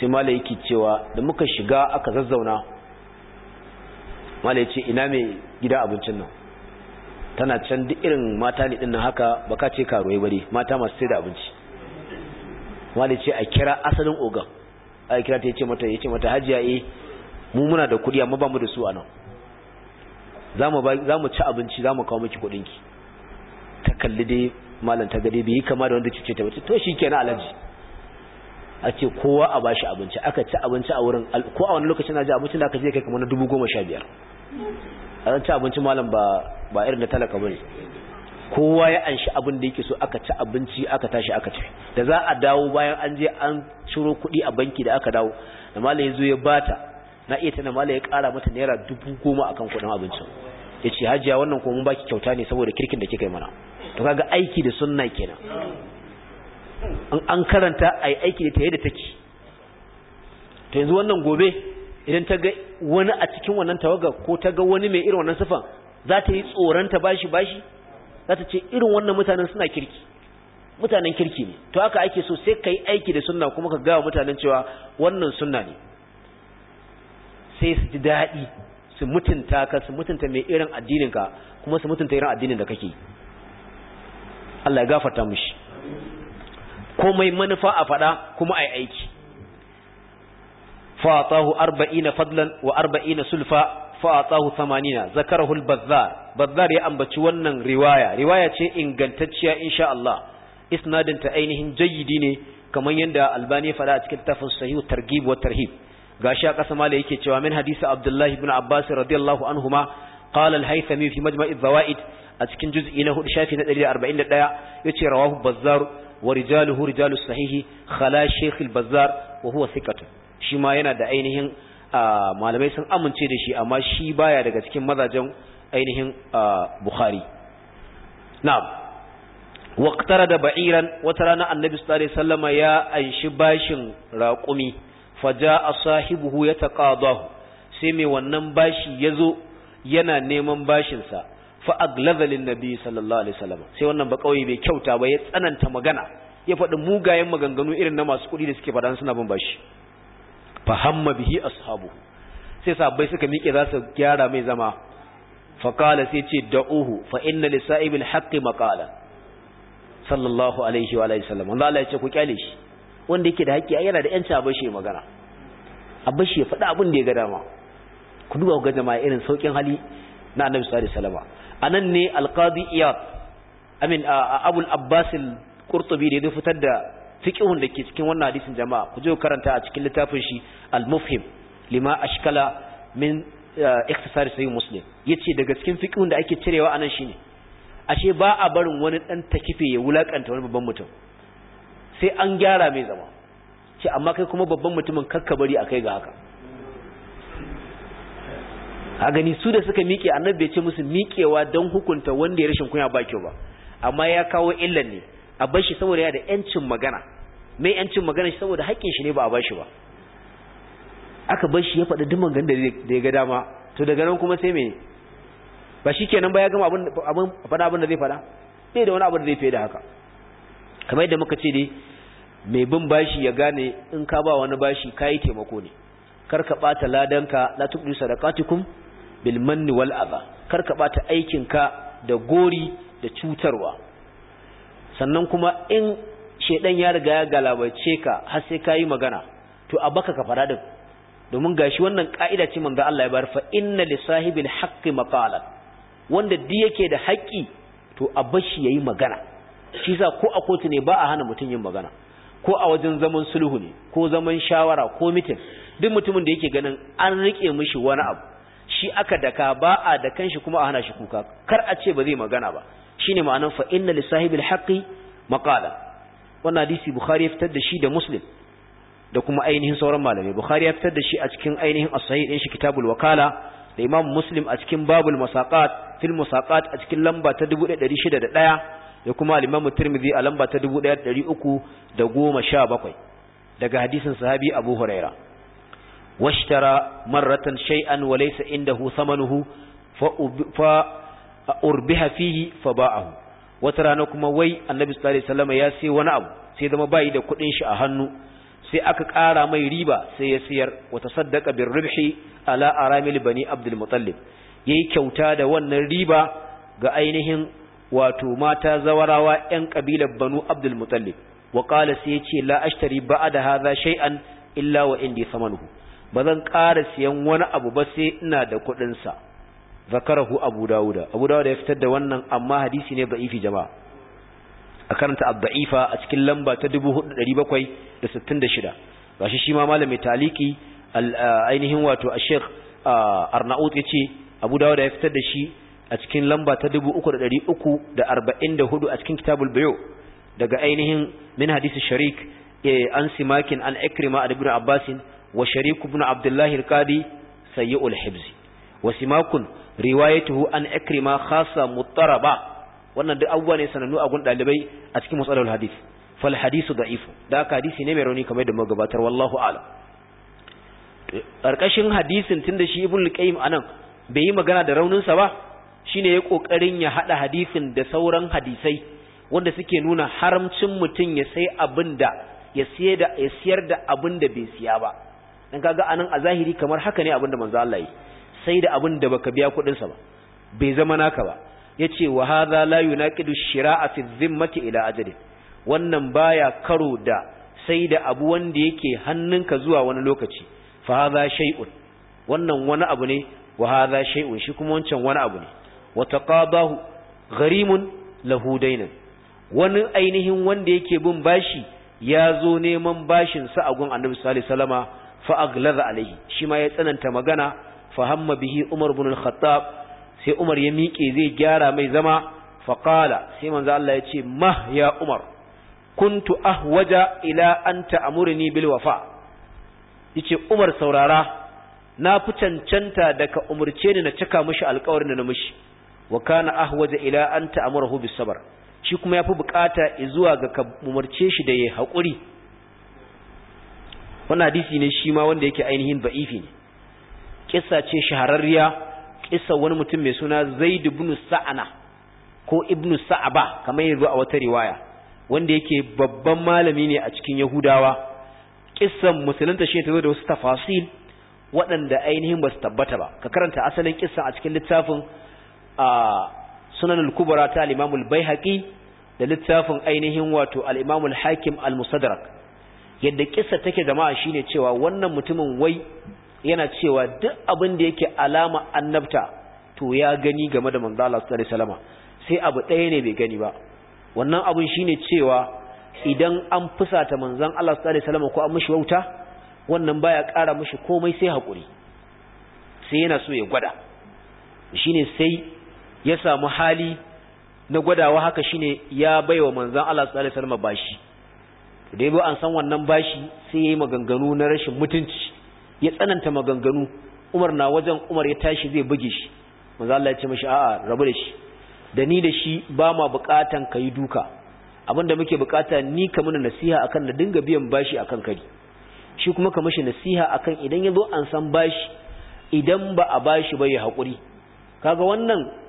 [SPEAKER 1] sai mala yake cewa da muka shiga aka zazzauna mala ce ina mai gida abincin nan tana can duk irin mata ne dinnan haka ba baka ce karuwai bari mata masu sai da abinci mala ya ce a kira asalin ogan a kira ta yace mata yace mata hajiya eh mu muna da kuɗi amma ba mu da su anan zamu zamu ci abinci zamu kawo miki kuɗin ki ta kalli dai malam ta gade bai yi kama da wanda cuce ta bace to shi shikenan alaji a ce kowa a bashi abinci aka ci abinci a wurin ko a wani lokacin aji abincin da aka je kai kamar na dubu goma sha biyar a ci abinci malam ba irin da talaka bane kowa ya anshi abin da yake so aka ci abinci aka tashi aka ci da za a dawo bayan an je an ciro kuɗi a banki da aka dawo da malam ya zo ya bata na iya tana malam ya kara mata naira dubu goma akan kuɗin abincin ya ce hajiya wannan kuma mun baki kyauta ne saboda kirkin da kika yi mana to kaga aiki da sunna kenan an karanta a yi aiki da ta yadda take ta yanzu wannan gobe idan ta ga wani a cikin wannan tawaga ko ta ga wani mai irin wannan sufan za ta yi tsoron ta bashi bashi za ta ce irin wannan mutanen suna kirki mutanen kirki ne to haka ake so sai ka yi aiki da sunna kuma ka gawa mutanen cewa wannan sunna ne sai su ji daɗi su mutunta ka su mutunta mai irin addininka kuma su mutunta irin addinin da kake Allah ya gafarta mushi komai manufa a faɗa kuma ai aiki fa atahu 40 fadlan wa 40 sulfa fa'atahu samanina zakarahul bazzar bazzar ya ambaci wannan riwaya riwaya ce ingantacciya insha Allah isnadin ta ainihin jayyidi ne kamar yadda albani ya faɗa a cikin tafsir sahih targhib wa tarhib gashi a kasa mala yake cewa min hadisi Abdullahi ibn abbas radiyallahu anhuma qala al-haythami fi majma' adh-dhawaid a cikin juz'i na 4 shafi na 141 yace rawahu bazzar wa rijaluhu rijalus sahihi khala shaykh al-bazzar wa shi ma yana da ainihin malamai sun amince da shi amma shi baya daga cikin mazajen ainihin bukhari na'am waqtara da ba'iran wata rana annabi sallallahu alaihi ya anshi bashin raqumi sahibu sahibuhu yataqadahu sai mai wannan bashi yazo yana neman bashin sa fa aglaza lin nabi sallallahu alaihi wasallam sai wannan ba kauye bai kyauta ba ya tsananta magana ya faɗi mugayen maganganu irin na masu kuɗi da suke faɗa suna bin bashi fa hamma bihi ashabu sai sahabbai suka miƙe za su gyara mai zama fa qala sai ce da'uhu fa inna li sa'ibil haqqi maqala sallallahu alaihi wa alihi wasallam Allah ya ce ku kyale shi wanda yake da haƙƙi yana da yanci a bashi magana a bashi ya faɗi abin da ya ga dama ku duba ga jama'a irin saukin hali na annabi sallallahu alaihi wasallam anan ne alqadi iyad amin uh, uh, abul abbas al-qurtubi da ya fitar da fiqhun da ke cikin wannan hadisin jama'a ku je karanta a cikin littafin shi al-mufhim lima ashkala min uh, ikhtisar sahih muslim yace daga cikin fiqhun da ake cirewa anan shine ashe ba a barin wani dan takife ya wulakanta wani babban mutum sai an gyara mai zama ce amma kai kuma babban mutumin kakka bari akai ga haka a gani su da suka miƙe annabi bai ce musu miƙewa don hukunta wanda ya rashin kunya ba kyau ba amma ya kawo illan ne a bar shi saboda ya da ƴancin magana mai ƴancin magana shi saboda haƙƙin shi ne ba a ba shi ba aka bar shi ya faɗi duk magan da ya ga dama to daga nan kuma sai me ba shi kenan ba ya gama abin faɗa abin da zai faɗa sai da wani abu da zai fiye da haka kamar yadda muka ce dai mai bin bashi ya gane in ka ba wani bashi kayi taimako ne kar ka ɓata ladanka la tuqdi sadaqatikum bil manni wal adha kar ka bata aikinka da gori da cutarwa sannan kuma in shedan ya riga ya galabace ka har sai ka yi magana to a baka ka fara din domin gashi wannan ƙa'ida ce manzo Allah ya bar fa inna li sahibil haqqi maqalan wanda di yake da haƙƙi to a bashi yayi magana shi sa ko a kotu ne ba a hana mutum yin magana ko a wajen zaman sulhu ne ko zaman shawara ko mitin duk mutumin da yake ganin an rike mishi wani abu shi aka daka ba a dakan shi kuma a hana shi kuka kar a ce ba zai magana ba shine ma'anan fa inna li sahibil haqqi maqala wannan hadisi bukhari ya fitar da shi da muslim da kuma ainihin sauran malamai bukhari ya fitar da shi a cikin ainihin as-sahih din shi kitabul wakala da imam muslim a cikin babul musaqat fil musaqat a cikin lamba ta 1601 da kuma al-imam tirmidhi a lamba ta 1317 daga hadisin sahabi abu huraira washtara marratan shay'an wa laysa indahu thamanuhu fa urbiha fihi fa ba'ahu wata rana kuma wai annabi sallallahu alaihi ya sayi wani abu sai zama bayi da kuɗin shi a hannu sai aka ƙara mai riba sai ya siyar wata saddaka bin ribhi ala aramil bani abdul mutallib yayi kyauta da wannan riba ga ainihin wato mata zawarawa yan kabilar banu abdul mutallib wa qala sai yace la ashtari da hadha shay'an illa wa indi thamanuhu ba zan ƙara siyan wani abu ba sai ina da kuɗin sa zakarahu abu dawuda abu dawuda ya fitar da wannan amma hadisi ne ifi jama'a a karanta abda'ifa a cikin lamba ta 4766 ba shi ma malamin taliki ainihin wato a shek arnaut ce abu dawuda ya fitar da shi a cikin lamba ta 3344 a cikin kitabul bayo daga ainihin min hadisi sharik eh, an simakin an ikrima ibn abbasin wa sharik ibn abdullah al-qadi sayyi'ul hibzi wa simakun riwayatuhu an ikrima khassa muttaraba wannan duk abubuwa ne sanannu a gun a cikin matsalar hadith fal hadisu da'ifu da aka hadisi ne mai rauni kamar da magabatar wallahu ala. Ƙarƙashin hadisin tunda shi ibn a nan anan bai yi magana da raunin sa ba shine ya ƙoƙarin ya haɗa hadisin da sauran hadisai wanda suke nuna haramcin mutum ya sai ya siyar da ya siyar da abinda bai siya ba dan kaga anan a zahiri kamar haka ne abinda manzo Allah yi sai da abin da baka biya kudin sa ba bai zama naka ba yace wa hadha la yunaqidu shira'a fi dhimmati ila ajali wannan baya karo da sai da abu wanda yake hannunka zuwa wani lokaci fa hadha shay'un wannan wani abu ne wa hadha shay'un shi kuma wancan wani abu ne wa taqabahu gharimun lahu daynan wani ainihin wanda yake bin bashi ya zo neman bashin sa a gun annabi sallallahu alaihi wasallama Fa'a aglaza alaihi shi ma ya tsananta magana fa hamma bihi umar ibn al-khattab sai umar ya miƙe zai gyara mai zama faƙala. sai manzo Allah ya ce mah ya umar kuntu ahwaja ila an ta'murni bil wafa yace umar saurara na fi cancanta daga umurce ni na cika mishi alƙawarin da na mishi wa kana ahwaja ila an ta'murahu bis sabr shi kuma yafi bukata zuwa ga ka umurce shi da yayi haƙuri wannan hadisi ne shi ma wanda yake ainihin ba'ifi ne kissa ce shahararriya kissa wani mutum mai suna zaid ibn sa'ana ko ibn sa'aba kamar yanzu a wata riwaya wanda yake babban malami ne a cikin yahudawa kissan musulunta shi ta zo da wasu tafasil waɗanda ainihin ba su tabbata ba ka karanta asalin kissa a cikin littafin a sunan al-kubra ta al-imam al-baihaqi da littafin ainihin wato al-imam al-hakim al-musaddarak yadda kisa take jama'a shine cewa wannan mutumin wai yana cewa duk abin da yake alama annabta to ya gani game da manzo Allah sallallahu alaihi sai abu ɗaya ne bai gani ba wannan abun shine cewa idan an fusata manzon Allah sallallahu alaihi ko an mishi wauta wannan baya ƙara mishi komai sai hakuri sai yana so ya gwada shine sai ya samu hali na gwadawa haka shine ya baiwa manzon Allah sallallahu alaihi bashi da dai an san wannan bashi sai yayi maganganu na rashin mutunci ya tsananta maganganu Umar na wajen Umar ya tashi zai buge shi manzo Allah ya ce mishi a'a rabu da shi da ni da shi ba ma bukatan kai duka abin da muke bukata ni ka muna nasiha akan na dinga biyan bashi akan kari shi kuma ka mishi nasiha akan idan yazo an san bashi idan ba a bashi ba ya hakuri kaga wannan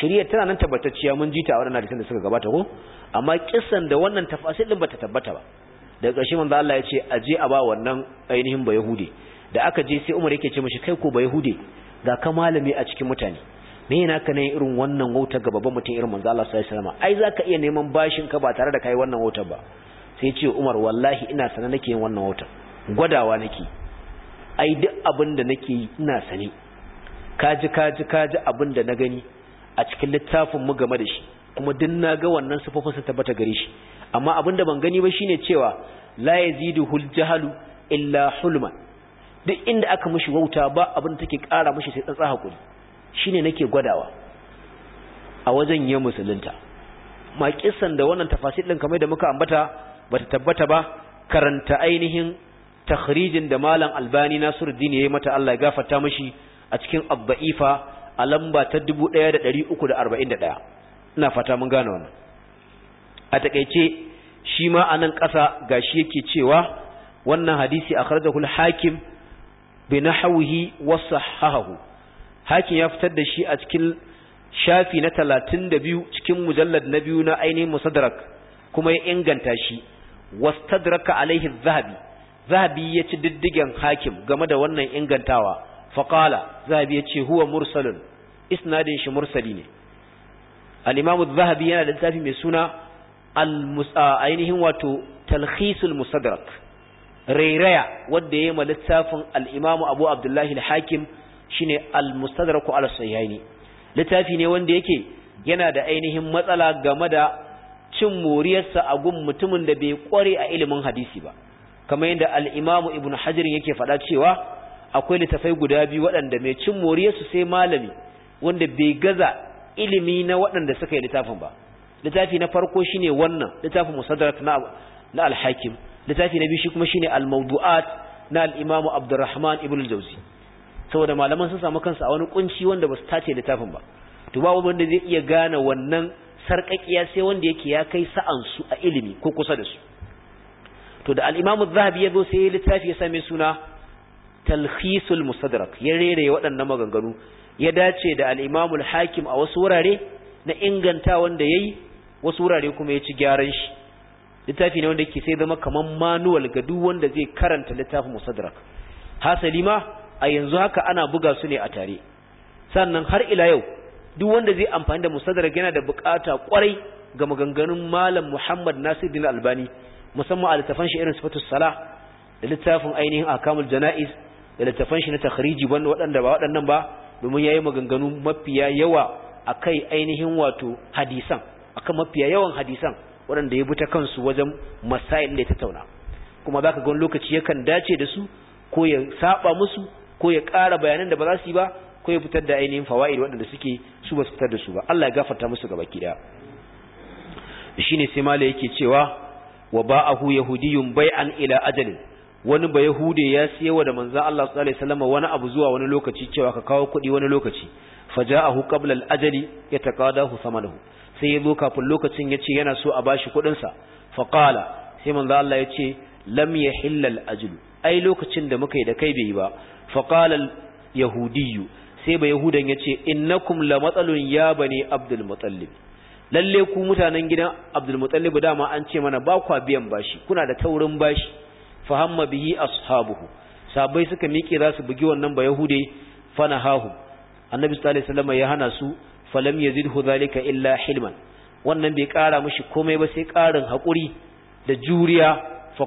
[SPEAKER 1] shiriyar tana nan tabbatacciya mun ji ta a wannan hadisin da suka gabata ko amma kissan da wannan tafasir din bata tabbata ba daga ƙarshe manzo Allah ya ce a je a ba wannan ainihin ba yahudi da aka je sai Umar yake ce mishi kai ko ba yahudi ga ka malami a cikin mutane me yana ka ne irin wannan wauta ga babban mutum irin manzo Allah sallallahu alaihi wasallam ai zaka iya neman bashin ka ba tare da kai wannan wautar ba sai ce Umar wallahi ina sanar nake yin wannan wautar. gwadawa nake ai duk abin da nake yi ina sani kaji kaji kaji abin da na gani a cikin littafin mu game da shi kuma duk na ga wannan sifofin su tabbata gare shi amma abin da ban gani ba shine cewa la hul jahalu illa hulma duk inda aka mishi wauta ba abin da take ƙara mishi sai tsatsa hakuri shine nake gwadawa a wajen ya musulunta ma kissan da wannan tafasir din kamar da muka ambata bata tabbata ba karanta ainihin takhrijin da malam albani nasiruddin yayi mata Allah ya gafarta mishi a cikin abba'ifa a lamba ta 1341 ina fata mun gane wannan a takaice shi ma a nan ƙasa ga shi yake cewa wannan hadisi a al-hakim bi nahwihi wa hakim ya fitar da shi a cikin shafi na 32 cikin mujallad na biyu na ainihin musadrak kuma ya inganta shi wastadraka alaihi zahabi zahabi ya ci diddigen hakim game da wannan ingantawa Faƙala zahabi yace huwa mursalun isnadin shi mursali ne al zahabi yana da littafi mai suna ainihin wato talkhisul musadrak rairaya wanda yayi littafin al-imam abu abdullahi al-hakim shine al-mustadrak ala sahihaini littafi ne wanda yake yana da ainihin matsala game da cin moriyarsa a gun mutumin da bai kware a ilimin hadisi ba kamar yadda al-imam ibn hajar yake faɗa cewa akwai littafai guda biyu waɗanda mai cin moriyarsu sai malami wanda bai gaza ilimi na waɗanda suka yi littafin ba littafi na farko shine wannan littafin musaddarat na na al-hakim littafi na biyu shi kuma shine al-mawdu'at na al-imam Abdurrahman ibn al-Jawzi saboda malaman sun samu kansu a wani kunci wanda basu tace littafin ba to babu wanda zai iya gane wannan sarkakiya sai wanda yake ya kai sa'an su a ilimi ko kusa da su to da al-imam ya zo yazo sai littafi ya same suna Talhisul mustadrak ya rere waɗannan maganganu ya dace da al hakim a wasu wurare na inganta wanda yayi wasu wurare kuma ya ci gyaran shi littafi ne wanda yake sai zama kaman manual ga duk wanda zai karanta littafin mustadrak hasali ma a yanzu haka ana buga su ne a tare sannan har ila yau duk wanda zai amfani da mustadrak yana da bukata kwarai ga maganganun malam Muhammad din Albani musamman a littafan shi irin sifatus salah da littafin ainihin akamul janaiz da littafan shi na takhriji ban waɗanda ba waɗannan ba domin yayi maganganu mafiya yawa akai ainihin wato hadisan akan mafiya yawan hadisan waɗanda ya bi kansu wajen masail da ya tattauna kuma zaka ga wani lokaci yakan dace da su ko ya saba musu ko ya ƙara bayanan da ba za su yi ba ko ya fitar da ainihin fawaid waɗanda suke su ba su fitar da su ba Allah ya gafarta musu gaba ki shine sai mala yake cewa wa ba'ahu yahudiyyun bai'an ila ajalin wani ba yahude ya siyewa da manza Allah sallallahu alaihi wasallam wani abu zuwa wani lokaci cewa ka kawo kuɗi wani lokaci faja'ahu qabla al sama da thamanuhu sai yazo kafin lokacin yace yana so a bashi kuɗin sa fa sai manza Allah yace lam ya hillal ajl ai lokacin da muka yi da kai bai ba fa Yahudiyu. yahudiyyu sai ba yahudan in innakum la matsalun ya ba abdul mutallib lalle ku mutanen gidan abdul dama an ce mana ba kwa biyan bashi kuna da taurin bashi fahamma bihi ashabuhu sabai suka miƙe za su bugi wannan ba yahude fanahahu annabi sallallahu alaihi wasallam ya hana su falam yazidhu zalika illa hilman wannan bai ƙara mushi komai ba sai ƙarin haƙuri da juriya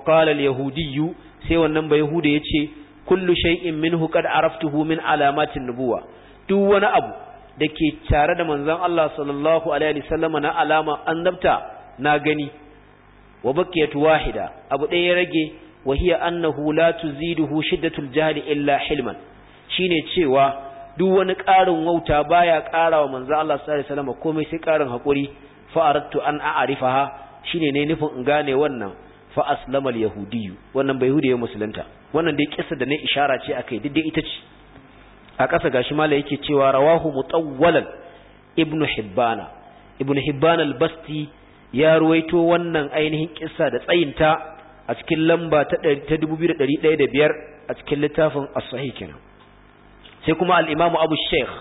[SPEAKER 1] qala al-yahudiyyu sai wannan ba yahude yace kullu shay'in minhu qad araftuhu min alamatin nubuwa duk wani abu da ke tare da manzon Allah sallallahu alaihi wasallam na alama an annabta na gani wa baqiyatu wahida abu ɗaya ya rage wa hiya annahu la tuziduhu shiddatul jahli illa hilman shine cewa duk wani ƙarin wauta baya wa manzo Allah sallallahu komai sai ƙarin hakuri fa aradtu an a'rifaha shine nufin in gane wannan fa aslama al-yahudi wannan bai hude musulunta wannan dai kissa da ne ishara ce a kai dai ita ce a ƙasa gashi mala yake cewa rawahu mutawwalan ibnu hibbana ibnu hibbana al-basti ya ruwaito wannan ainihin kissa da tsayinta a cikin lamba ta 2105 a cikin littafin as-sahih kenan sai kuma al-imamu abu sheikh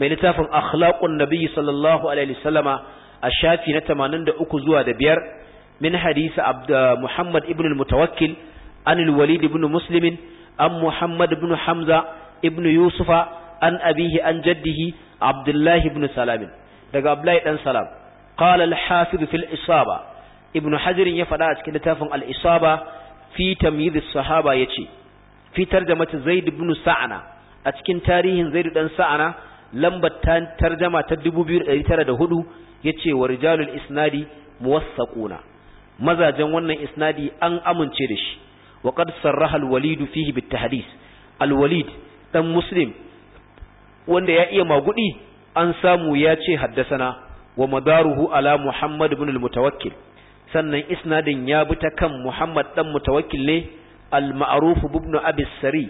[SPEAKER 1] mai littafin akhlaqun nabiy sallallahu alaihi wasallama a shafi na 83 zuwa da biyar min hadisi abd muhammad ibn al-mutawakkil an al-walid ibn muslim an muhammad ibn hamza ibn yusufa an abihi an jaddihi abdullahi ibn salam daga abdullahi dan salam qala al-hafiz fil isaba ibnu hajirin ya faɗa a cikin littafin al fi tamyiz as ya ce fitar da mace zaid ibn sa'ana a cikin tarihin zaid dan sa'ana lambar ta tarjama ta 2904 ce wa rijalul isnadi muwassaquna mazajen wannan isnadi an amince da shi wa qad sarraha al-walid fihi bit-tahdis al-walid dan muslim wanda ya iya magudi an samu ya ce haddasana wa madaruhu ala muhammad ibn al sannan isnadin ya bi ta kan Muhammad ɗan mutawakkil ne al ma'arufu ibn Abisari Sari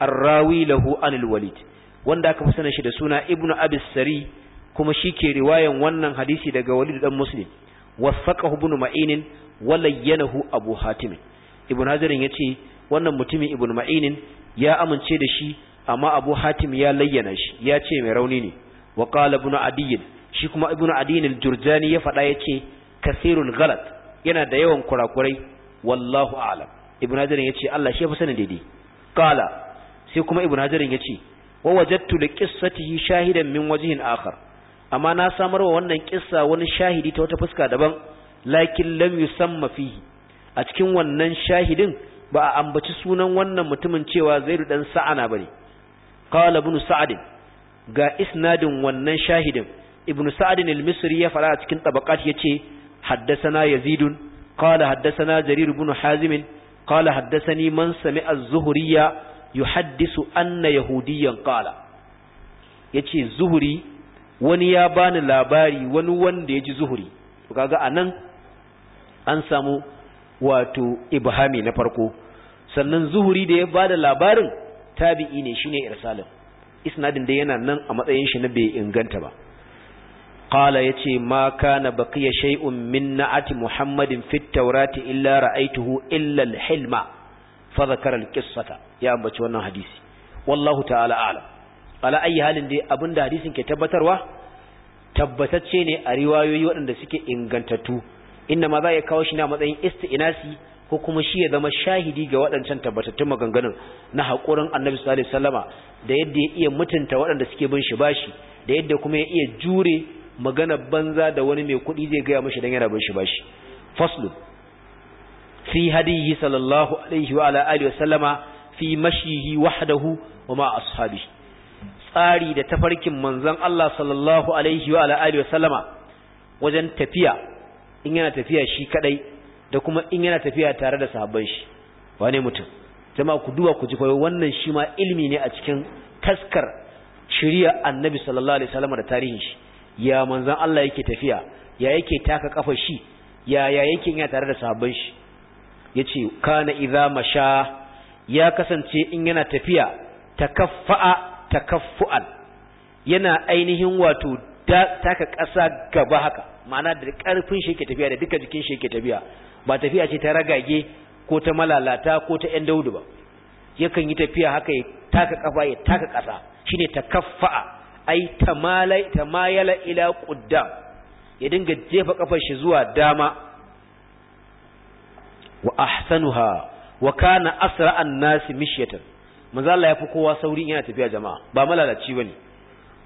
[SPEAKER 1] ar lahu walid wanda aka fi sanin shi da suna Ibnu Abisari kuma kuma shike riwayan wannan hadisi daga Walid dan Muslim wasaqahu ibn ma'inin walayyanahu Abu Hatim ibn Hajar yace wannan mutumin Ibnu Ma'inin ya amince da shi amma Abu Hatim ya layyana shi ya ce mai rauni ne wa qala ibn shi kuma Ibnu Adiy al-Jurjani ya faɗa yace kasirul galat yana da yawan kurakurai wallahu a'lam ibnu hajar yace Allah shi fa sanin daidai qala sai kuma ibnu hajar yace wa wajadtu li qissatihi shahidan min wajhin akhar amma na samar wa wannan kissa wani shahidi ta wata fuska daban lakin lam yusamma fihi a cikin wannan shahidin ba a ambaci sunan wannan mutumin cewa zaidu dan sa'ana bane qala ibnu sa'd ga isnadin wannan shahidin ibn sa'd al-misri ya fara a cikin tabaqat yace Haddasana Yazidun, قال حدثنا جرير بن حازم قال حدثني من سمع الزهري يحدث أن يهوديا قال yace zuhuri wani ya bani labari wani wanda ya ji zuhuri to kaga anan an samu wato ibhami na farko sannan zuhuri da ya bada labarin tabi'i ne shine irsalin isnadin da yana nan a matsayin shi na bai inganta ba qala yace ma kana baqiya shay'un min na'ati muhammadin fit tawrati illa ra'aytuhu illa hilma fa dhakara al ya ambaci wannan hadisi wallahu ta'ala a'lam ala da halin dai abinda hadisin ke tabbatarwa tabbatacce ne a riwayoyi waɗanda suke ingantattu inda ma za ya kawo shi na matsayin isti'nasi ko kuma shi ya zama shahidi ga waɗancan tabbatattun maganganun na haƙurin annabi sallallahu alaihi da yadda ya iya mutunta waɗanda suke bin shi bashi da yadda kuma ya iya jure magana banza da wani mai kuɗi zai gaya mashi don yana bin shi bashi faslu fi hadihi sallallahu alaihi wa ala alihi wasallama fi mashihi wahdahu wa ma ashabi tsari da tafarkin manzon Allah sallallahu alaihi wa ala alihi wasallama wajen tafiya in yana tafiya shi kadai da kuma in yana tafiya tare da sahabban shi wane mutum jama'a ku duba ku ji koyo wannan shi ma ilimi ne a cikin taskar shiriya annabi sallallahu alaihi wasallam da tarihin shi ya manzan Allah yake tafiya ya yake taka kafar shi ya ya yake yana tare da sahabban shi yace kana idza masha ya kasance in yana tafiya takaffa'a takaffu'an yana ainihin wato taka ƙasa gaba haka ma'ana da ƙarfin shi yake tafiya da duka jikin shi yake tafiya ba tafiya ce ta ragage ko ta malalata ko ta ƴan daudu ba yakan yi tafiya haka ya taka kafa ya taka ƙasa shine takaffa'a ai tamalai tamayala ila quddam ya dinga jefa kafar shi zuwa dama wa ahsanuha wa kana an nasi mishyatan manzo Allah yafi kowa sauri yana tafiya jama'a ba malalaci bane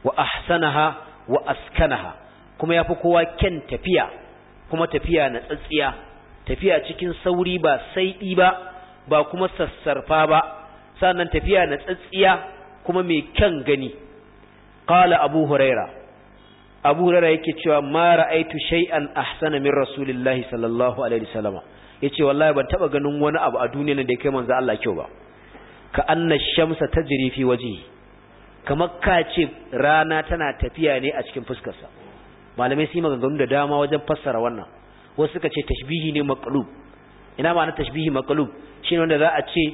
[SPEAKER 1] wa ahsanaha wa askanaha kuma yafi kowa ken tafiya kuma tafiya na tsatsiya tafiya cikin sauri ba saiɗi ba ba kuma sassarfa ba sannan tafiya na tsatsiya kuma mai kyan gani qala abu huraira abu huraira yake cewa ma ra'aitu shay'an ahsana min rasulillahi sallallahu alaihi wasallam yace wallahi ban taba ganin wani abu a duniya da kai manzo Allah kyau ba ka anna shamsa tajri fi wajhi kamar ka ce rana tana tafiya ne a cikin fuskarsa malamai sun yi maganganu da dama wajen fassara wannan wasu suka ce tashbihi ne makalub, ina ma'ana tashbihi makalub shine wanda za a ce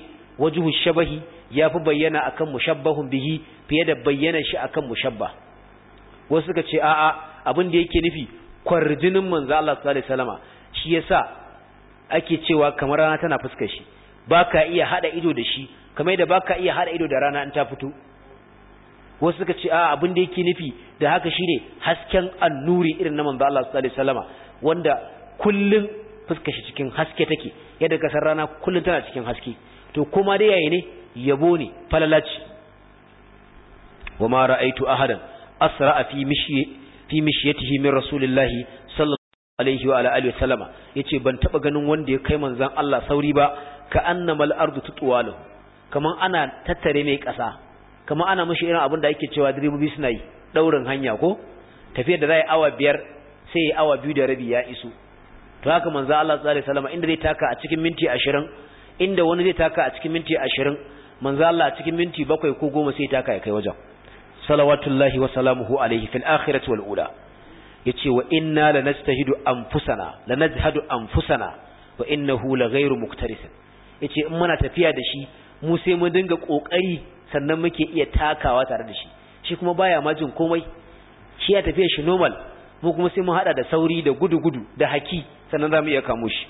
[SPEAKER 1] wajhu shabahi ya fi bayyana akan mushabbahun bihi fiye da bayyana shi akan mushabba wasu suka ce a'a abin da yake nufi kwarjinin manzo Allah sallallahu alaihi wasallama shi yasa ake cewa kamar rana tana fuskar shi baka iya hada ido da shi kamar yadda baka iya hada ido da rana in ta fito wasu suka ce a'a abin da yake nufi da haka shine hasken annuri irin na manzo Allah sallallahu alaihi wasallama wanda kullun fuskar shi cikin haske take yadda kasar rana kullun tana cikin haske to kuma dai yayi ne yabo ne falalaci wa ma ra'aitu ahadan a fi mishi fi mishiyatihi min rasulillahi sallallahu alaihi wa alihi wasallama yace ban taba ganin wanda ya kai manzan Allah sauri ba ka annamal ardu tutwalu kaman ana tattare mai kasa kaman ana mishi irin abin da ake cewa direbobi suna yi daurin hanya ko tafiyar da zai awa biyar sai awa biyu da rabi ya iso to haka manzan Allah sallallahu alaihi wasallam inda zai taka a cikin minti 20 inda wani zai taka a cikin minti ashirin. manzo Allah cikin minti bakwai ko goma sai ta kai kai wajen salawatullahi wa salamuhu alaihi fil akhirati wal ula yace wa inna lanastahidu anfusana lanajhadu anfusana wa innahu laghairu muktaris yace in muna tafiya da shi mu sai mu dinga kokari sannan muke iya takawa tare da shi shi kuma baya ma jin komai shi ya tafiya shi normal mu kuma sai mun hada da sauri da gudu gudu da haki sannan zamu iya kamo shi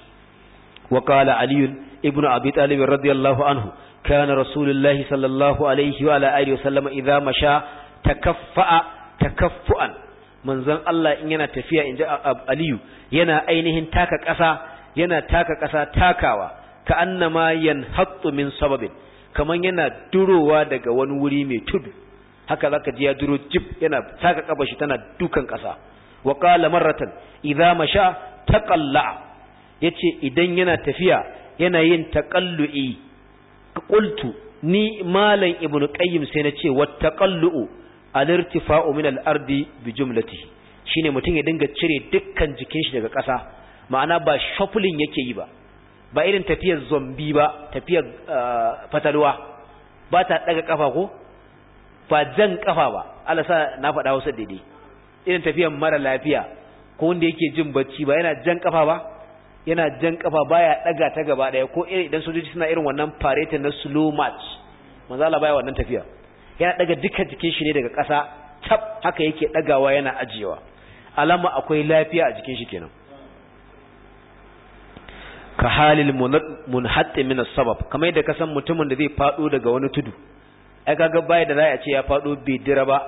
[SPEAKER 1] wa qala ali ibn abi talib radiyallahu anhu كان رسول الله صلى الله عليه وعلى آله وسلم إذا مشى تكفأ تكفؤا من زن الله إن ينا تفيا إن جاء أليو ينا أينهن تاكا كسا ينا تاكا كسا تاكاوا كأنما ينحط من سبب kaman yana durowa daga wani wuri mai tudu haka zaka ji ya duro jib yana taka kafa tana dukan kasa wa qala marratan idza masha taqalla yace idan yana tafiya yana yin taqallu'i qultu ni malam ibnu qayyim sai na ce wattaqallu al-irtifa'u min al-ardi bi jumlatihi shine mutum ya dinga cire dukkan jikin shi daga ƙasa ma'ana ba shuffling yake yi ba ba irin tafiyar zombi ba tafiyar uh, fatalwa ba ta daga kafa ko ba jan kafa ba Allah sa na faɗa wasu daidai irin tafiyar mara lafiya ko wanda yake jin bacci ba yana jan kafa ba yana jan kafa baya daga ta gaba daya ko idan sojoji suna irin wannan parade na slow march manzo Allah baya wannan tafiya yana daga duka jikin shi ne daga ƙasa tab haka yake dagawa yana ajiyewa alama akwai lafiya a jikin shi kenan ka halil munhatti min sabab kamar yadda kasan mutumin da zai fado daga wani tudu ai kaga baya da za a ce ya fado bai dira ba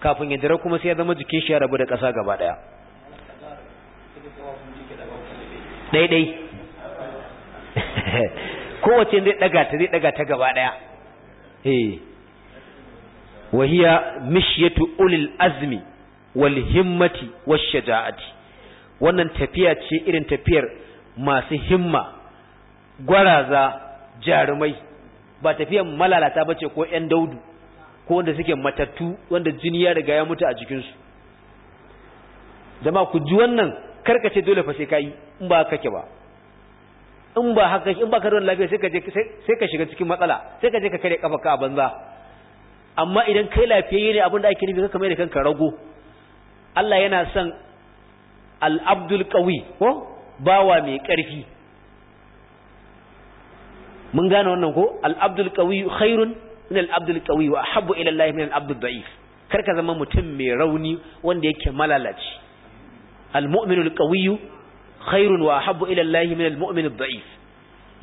[SPEAKER 1] kafin ya dira kuma sai ya zama jikin shi ya rabu da kasa gaba daya ɗaiɗai kowace zai ɗaga ta zai daga ta gaba ɗaya eh. wahiya mishiyatu ulil azmi wal himmati wash shaja'ati wannan tafiya ce irin tafiyar masu himma gwaraza jarumai ba tafiyar malalata bace ko yan daudu ko wanda suke matattu wanda jini ya riga ya mutu a jikinsu dama ku ji wannan karka ce dole fa sai ka yi in ba kake ba in ba haka in ba ka ruwan lafiya sai ka je sai ka shiga cikin matsala sai ka je ka kare kafa ka a banza amma idan kai lafiyayye ne abinda da ake nufi kaka mai da kanka rago Allah yana son al-abdul qawi ko bawa mai karfi mun gane wannan ko al-abdul qawi khairun min al-abdul qawi wa ahabbu ila Allah min al-abdul da'if kar ka zama mutum mai rauni wanda yake malalaci almu'minul القوي khairun wa habbu الله من min الضعيف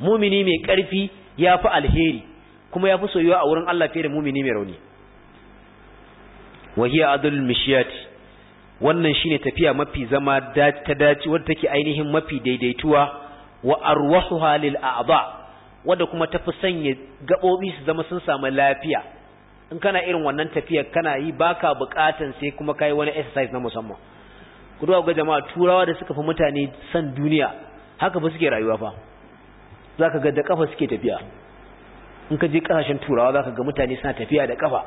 [SPEAKER 1] مؤمني mu'mini mai karfi yafi alheri kuma yafi soyuwa a wurin Allah fiye da mu'mini mai rauni wa mishiyat wannan shine tafiya mafi zama ta dace wadda take ainihin mafi daidaituwa wa arwahuha lil a'dha wadda kuma tafi sanya gabobi su zama sun samu lafiya in kana irin wannan tafiyar kana yi baka bukatan sai kuma kai wani exercise na musamman ku duba ga jama'a turawa da suka fi mutane san duniya haka ba suke rayuwa fa zaka ga da kafa suke tafiya in ka je kasashen turawa zaka ga mutane suna tafiya da kafa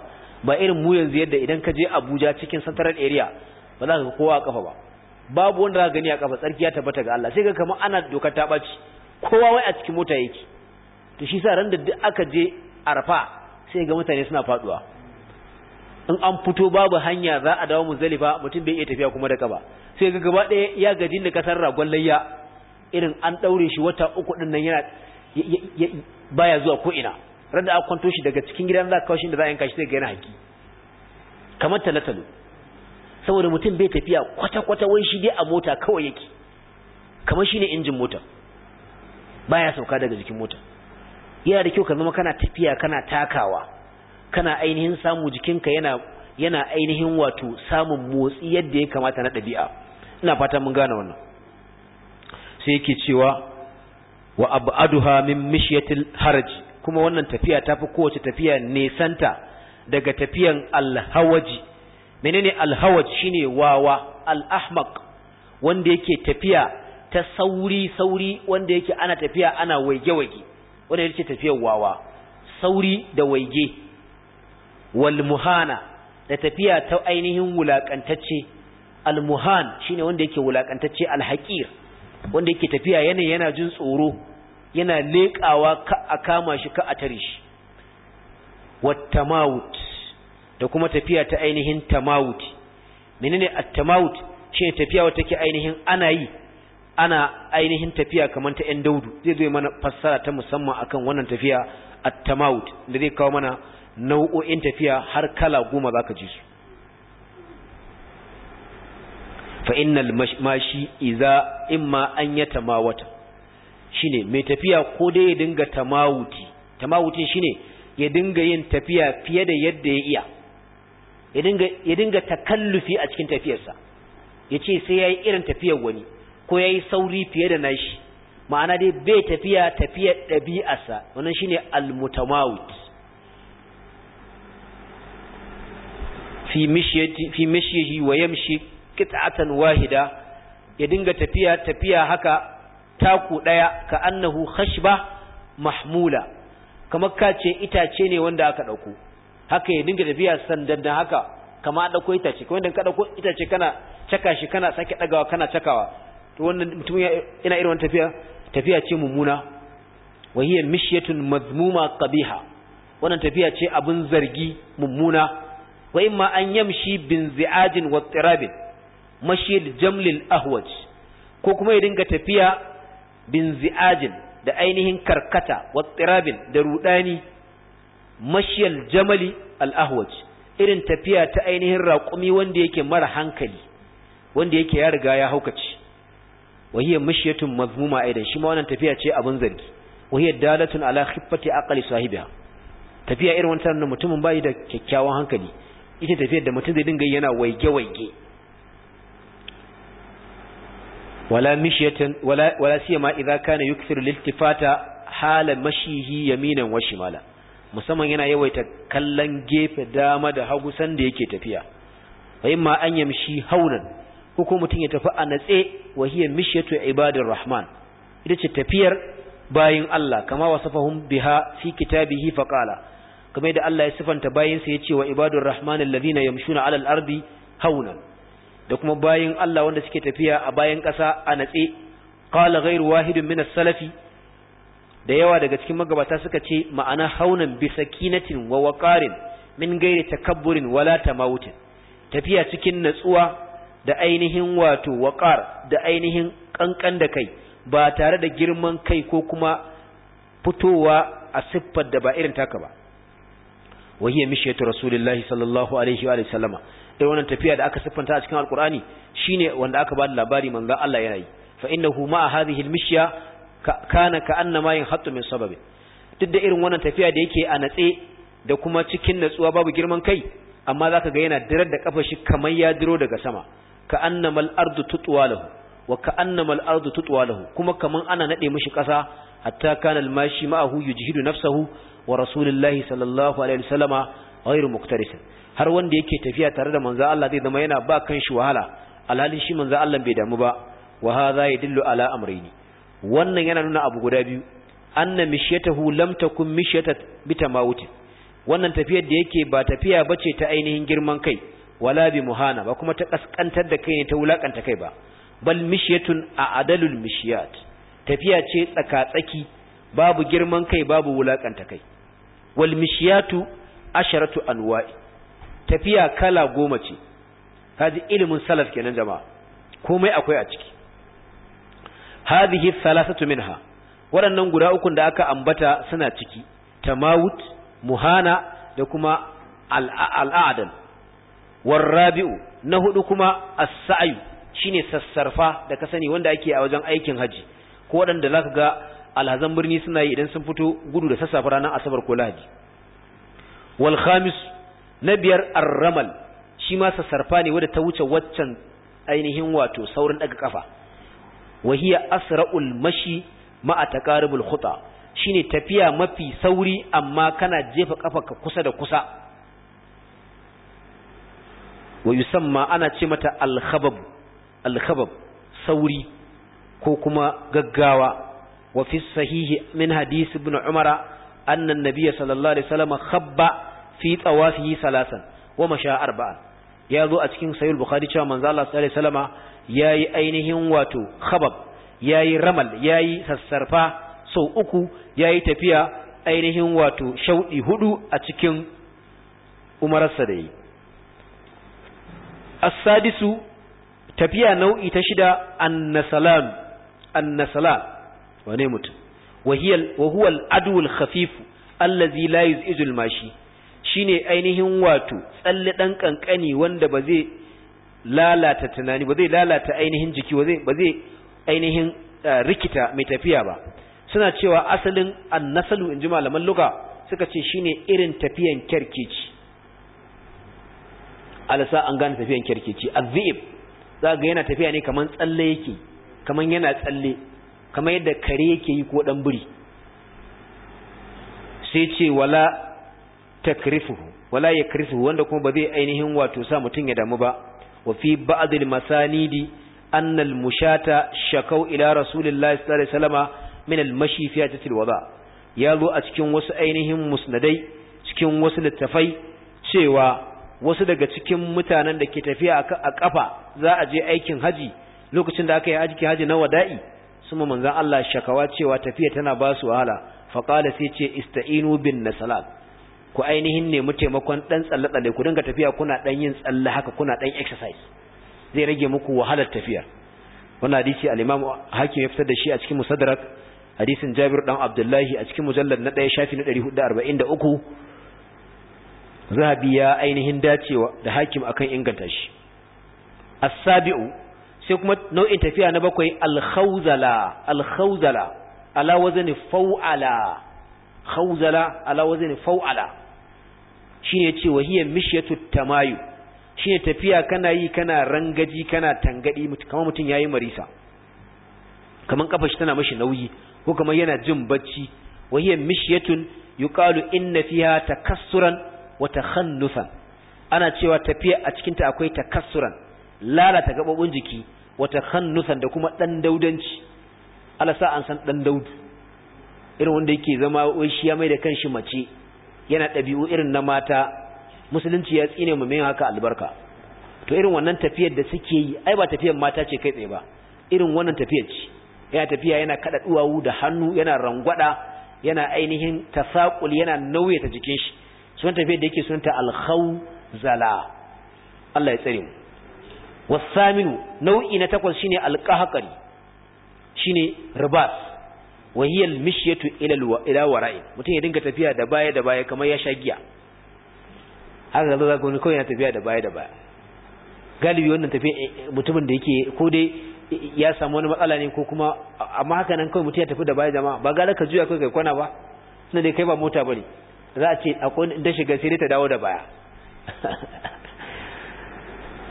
[SPEAKER 1] ba irin mu yanzu yadda idan ka je Abuja cikin central area ba za ka ga kowa a kafa ba babu wanda za ka gani a kafa tsarki ya tabbata ga Allah sai ga kamar ana dokar ta baci kowa wai a cikin mota yake to shi sa ran da duk aka je Arfa sai ga mutane suna faduwa in an fito babu hanya za a dawo muzalifa mutum bai iya tafiya kuma da kaba sai ga gaba ɗaya ya gaji da kasar ragon layya irin an ɗaure shi wata uku ɗin nan yana baya zuwa ko ina Randa an kwanto shi daga cikin gidan za kawo shi da za a yanka shi zai ga yana kamar talatalo saboda mutum bai tafiya kwata-kwata wai shi dai a mota kawai yake kamar shine injin mota baya sauka daga jikin mota yana da kyau ka zama kana tafiya kana takawa kana ainihin samu jikinka yana yana ainihin wato samun motsi yadda ya kamata na ɗabi'a ina fata mun gane wannan sai yake cewa wa ab'aduha min mishyatil haraj kuma wannan tafiya tafi kowace tafiya nesanta daga tafiyan alhawaji menene alhawaj shine wawa al-ahmaq wanda yake tafiya ta sauri sauri wanda yake ana tafiya ana waige waige wanda yake tafiyar wawa sauri da waige Walmuhana, da tafiya ta ainihin wulakantacce al muhan shine wanda yake wulakantacce al haqir wanda yake tafiya yana yana jin tsoro yana leƙawa ka a kama shi ka a tare shi wat da kuma tafiya ta ainihin tamaut menene at shine tafiya wata take ainihin ana yi ana ainihin tafiya kamar ta 'yan daudu zai zo mana fassara ta musamman akan wannan tafiya at da zai kawo mana nau'o'in tafiya har kala goma za ka ji su fa'innal mashi iza imma an ya tamawata shi ne mai tafiya ko dai ya dinga tamawuti tamawutin shi ne ya dinga yin tafiya fiye da yadda ya iya ya dinga takallufi a cikin tafiyarsa ya ce sai ya yi irin tafiyar wani ko ya yi sauri fiye da nashi ma'ana dai bai tafiya tafiyar ɗabi'arsa wannan shine ne almutamawut fi mishiyati fi mishihi wa yamshi qit'atan wahida ya dinga tafiya tafiya haka taku daya ka annahu khashba mahmula kamar ka ce itace ne wanda aka dauko haka ya dinga tafiya sandan da haka kama dauko itace kuma idan ka dauko itace kana caka shi kana sake dagawa kana cakawa to wannan mutum yana irin wannan tafiya tafiya ce mummuna wa hiya mishyatun madhmuma qabiha wannan tafiya ce abin zargi mummuna wa imma an yamshi bin zi'ajin wa tsirabin mashil jamlil ahwaj ko kuma ya dinga tafiya bin zi'ajin da ainihin karkata wa tsirabin da rudani mashiyal jamali al ahwaj irin tafiya ta ainihin raƙumi wanda yake mara hankali wanda yake ya riga ya haukace وهي مشية مذمومة أيضا شما وانا تفيها شيء أبن زرقي وهي دالة على خفة أقل صاحبها تفيها إير وانتان نمتم da kyakkyawan hankali. ita tafiyar da mutum zai dinga yana waige-waige wala mishiyatan wala wala siyama idza kana yukthiru liltifata hala mashihi yaminan wa shimala musamman yana yawaita kallon gefe dama da hagu sanda yake tafiya wa imma an yamshi haunan ko mutum ya tafi a natse wa hiya mishiyatu ibadir rahman ita ce tafiyar bayin Allah kama wasafahum biha fi kitabihi faqala kamar da Allah ya sifanta bayinsa ya ce wa rahmanin rahman alladhina yamshuna alal ardi da kuma bayin Allah wanda suke tafiya a bayan ƙasa a natse qala ghairu wahidin min salafi da yawa daga cikin magabata suka ce ma'ana haunan bisa kinatin wa waqarin min ghairi takabburin wala tamawutin tafiya cikin natsuwa da ainihin wato waƙar da ainihin ƙanƙan da kai ba tare da girman kai ko kuma fitowa a siffar da ba irin taka ba wahiya mishiyatu rasulullahi sallallahu alaihi wa sallama dai wannan tafiya da aka siffanta a cikin shi ne wanda aka ba da labari manzo Allah ya yi fa innahu ma hadhihi almishya kana ka annama yanhattu min sababi duk da irin wannan tafiya da yake a natse da kuma cikin natsuwa babu girman kai amma zaka ga yana dirar da ƙafa shi kamar ya diro daga sama ka annamal ardu tutwa lahu wa ka annamal ardu tutwa lahu kuma kaman ana naɗe mishi ƙasa hatta kana almashi ma'ahu yujhidu nafsahu wa rasulullahi sallallahu alaihi wasallama ghairu har wanda yake tafiya tare da manzo Allah zai zama yana ba kanshi wahala alhalin shi manzo Allah bai damu ba wa hadha yadullu ala amrayni wannan yana nuna abu guda biyu anna mishyatahu lam takun mishyata wannan tafiyar da yake ba tafiya bace ta ainihin girman kai wala bi muhana ba kuma ta kaskantar da kai ne ta wulakanta kai ba bal mishyatun a adalul mishyat tafiya ce tsaka-tsaki babu girman kai babu wulakanta kai wal mishyatu asharatu anwa'i tafiya kala goma ce kaji ilimin salaf kenan jama'a komai akwai a ciki hadhihi thalathatu minha waɗannan guda uku da aka ambata suna ciki tamawut muhana da kuma War warrabi'u na hudu kuma as sai shine sassarfa da ka sani wanda ake a wajen aikin haji ko waɗanda zaka ga alhazan birni suna yi idan sun fito gudu da sassafe ranar asabar ko lahadi wal khamis na biyar arramal shi ma sassarfa ne wadda ta wuce waccan ainihin wato saurin daga kafa wahiya asra'ul mashi ma'a taqaribul khuta shine tafiya mafi sauri amma kana jefa ka kusa da kusa wa yusamma ana ce mata al-khabab al-khabab sauri ko kuma gaggawa wa fi sahihi min hadisi ibn umara anna an-nabiy sallallahu alaihi wasallam khabba fi tawafihi salasan wa masha arba'a ya zo a cikin sahih bukhari cewa manzo Allah sallallahu alaihi wasallam yayi ainihin wato khabab yayi ramal yayi sassarfa sau uku yayi tafiya ainihin wato shaudi hudu a cikin umararsa da yi sadisu tafiya nau'i ta shida annasalam wane mutum wa huwa al-adwul khafif allazi la yuzizu al-mashi shine ainihin wato tsalle dan kankani wanda ba zai lalata tunani ba zai lalata ainihin jiki ba zai ba zai ainihin eh, rikita mai tafiya ba suna cewa asalin annasalu inji malaman luga suka ce shine irin tafiyan kerkeci alasa an gane tafiyan kerkeci az-zib za ga yana tafiya ne kaman tsalle yake kaman yana tsalle kamar yadda kare yake yi ko dan buri sai ce wala takrifuhu wala yakrifuhu wanda kuma ba zai ainihin wato sa mutun ya damu ba wa fi ba'd al-masanidi mushata shakau ila rasulillahi sallallahu alaihi wasallama min al-mashi fi wada ya zo a cikin wasu ainihin musnadai cikin wasu littafai cewa wasu daga cikin mutanen da ke tafiya a kafa za a je aikin haji lokacin da aka yi aiki haji na wada'i suma manzan Allah shakawa cewa tafiya tana ba su wahala faƙala sai ce ista'inu bin nasalat ku ainihin nemi taimakon ɗan tsalle-tsalle ku dinga tafiya kuna ɗan yin tsalle haka kuna ɗan exercise zai rage muku wahalar tafiyar wannan hadisi al-imam hakim ya fitar da shi a cikin musaddarak hadisin jabir dan abdullahi a cikin mujallar na ɗaya shafi na 443 zahabi ya ainihin dacewa da hakim akan inganta shi as-sabi'u sai kuma nau'in tafiya na bakwai alkhawzala alkhawzala ala wazani fa'ala khawzala ala wazani fa'ala shine yace wahiya mishyatu tamayu shine tafiya kana yi kana rangaji kana tangadi kamar mutun yayi marisa kamar kafar shi tana mashi nauyi ko kamar yana jin bacci wahiya mishyatun yuqalu inna fiha takassuran wa takhannufan ana cewa tafiya a cikin ta akwai takassuran lalata gabobin jiki wata hannusan da kuma ɗan daudanci alasa an san ɗan daudu irin wanda yake zama wai shi ya mai da kanshi mace yana ɗabi'u irin na mata musulunci ya tsine mu mai haka albarka to irin wannan tafiyar da suke yi ai ba tafiyar mata ce kai tsaye ba irin wannan tafiyar ce yana tafiya yana kada duwawu da hannu yana rangwada yana ainihin tasaqul yana nauye ta jikin shi sunan tafiyar da yake sunanta al-khawzala Allah ya tsare mu wasaminu nau'i na takwas shine alqahqari shine ribas wa hiya almishyatu ila ila wara'i mutum ya dinga tafiya da baya da baya kamar ya sha giya haka zaka zaka ko yana tafiya da baya da baya galibi wannan tafiya mutumin da yake ko dai ya samu wani matsala ne ko kuma amma haka nan kawai mutum ya tafi da baya jama'a ba ga ka juya kai kai kwana ba tunda dai kai ba mota bane za a ce akwai da shiga sai ta dawo da baya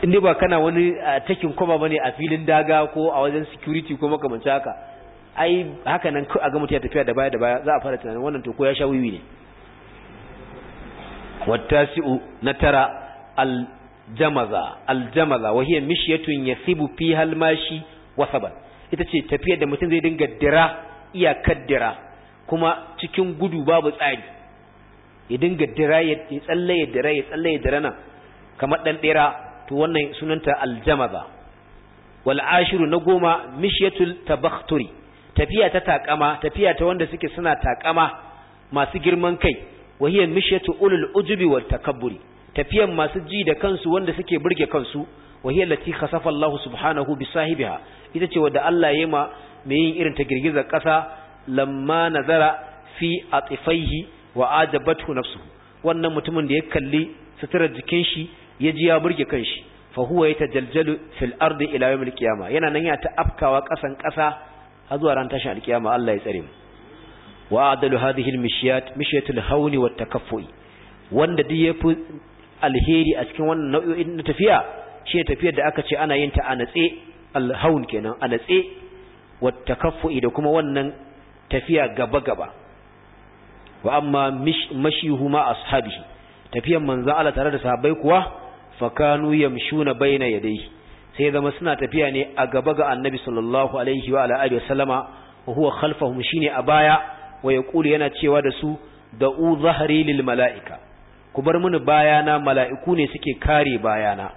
[SPEAKER 1] inda ba kana wani a takin kwaba bane a filin daga ko a wajen security ko makamanci haka ai haka nan a ga mutum ya tafiya da baya da baya za a fara tunanin wannan to ko ya sha wiwi ne wattasi'u na tara aljamaza jamaza wa hiya mishyatun yasibu hal mashi wa ita ce tafiyar da mutum zai dinga dira iyakar dira kuma cikin gudu babu tsari ya dinga dira ya tsalle ya dira ya tsalle ya dira nan kamar dan dira to wannan sunanta aljamaza wal ashiru na goma mishyatul tabakhturi tafiya ta takama tafiya ta wanda suke suna takama masu girman kai wahiyar mishyatu ulul ujubi wal takabburi tafiyan masu ji da kansu wanda suke burge kansu wahiyar lati khasafa Allah subhanahu bi sahibiha ita ce wadda Allah ya ma mai yin irin ta girgizar ƙasa lamma nazara fi atifaihi wa ajabathu nafsuhu wannan mutumin da ya kalli suturar jikin shi ya ji ya burge kanshi fa huwa yatajaljalu fil ardi ila yawmil qiyama yana nan ya ta afkawa kasan kasa har zuwa ran tashin alkiyama Allah ya tsare mu wa adalu hadhihi al mishyat mishyatul hawli wat takaffu'i wanda duk yafi alheri a cikin wannan nau'o'in na tafiya shi tafiyar da aka ce ana yin ta a natse alhaun kenan a natse wattakaffu'i da kuma wannan tafiya gaba gaba wa amma mashihu ma ashabihi tafiyar manzon Allah tare da sahabbai kuwa fakanu yamshuna baina yadayhi sai zama suna tafiya ne a gaba ga annabi sallallahu alaihi wa ala alihi wasallama wa huwa khalfahum shine a baya wa yaqulu yana cewa da su da'u zahri lil malaika ku bar mini bayana mala'iku ne suke kare bayana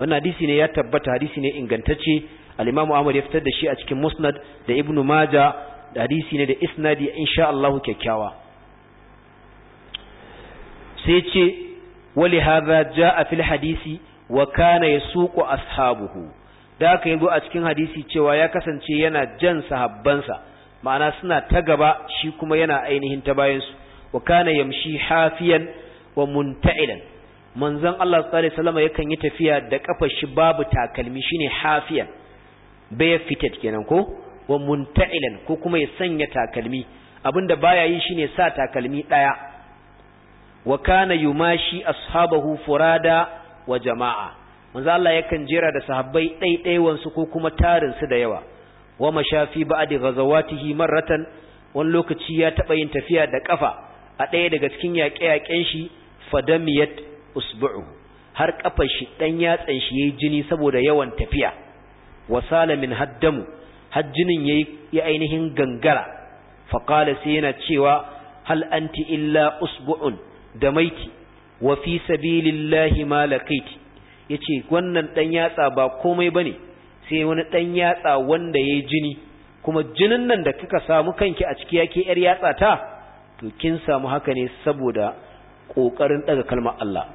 [SPEAKER 1] wannan hadisi ne ya tabbata hadisi ne ingantacce al-imamu Ahmad ya fitar da shi a cikin Musnad da ibnu maja da hadisi ne da isnadi insha Allah kyakkyawa sai ce ولهذا جاء في الحديث وكان يسوق أصحابه da ka zo a cikin hadisi cewa ya kasance yana jan sahabbansa ma'ana suna ta gaba shi kuma yana ainihin ta bayansu. su wa kana yamshi hafiyan wa munta'ilan manzon Allah sallallahu alaihi wasallam yakan yi tafiya da kafar shi babu takalmi shine hafiyan bai fitet kenan ko wa munta'ilan ko kuma ya sanya takalmi abinda baya yi shine sa takalmi daya wa kana yumashi ashabahu furada wa jama'a manzo Allah yakan jera da sahabbai ɗaiɗaiwan wansu ko kuma tarin su da yawa wa mashafi ba'di ghazawatihi marratan wani lokaci ya taɓa yin tafiya da ƙafa a ɗaya daga cikin yaƙe-yaƙen shi fadamiyat usbu'u har kafar shi ɗan yatsan shi yayi jini saboda yawan tafiya wasala min haddamu har yayi ya ainihin gangara faqala sai yana cewa hal anti illa usbu'un da maiti wa fi sabilillahi malakaiti ya yace wannan dan yatsa ba komai bane sai wani dan yatsa wanda yayi jini kuma jinin nan da kika samu kanki a ciki yake yar yatsa ta to kin samu haka ne saboda ƙoƙarin ɗaga kalmar Allah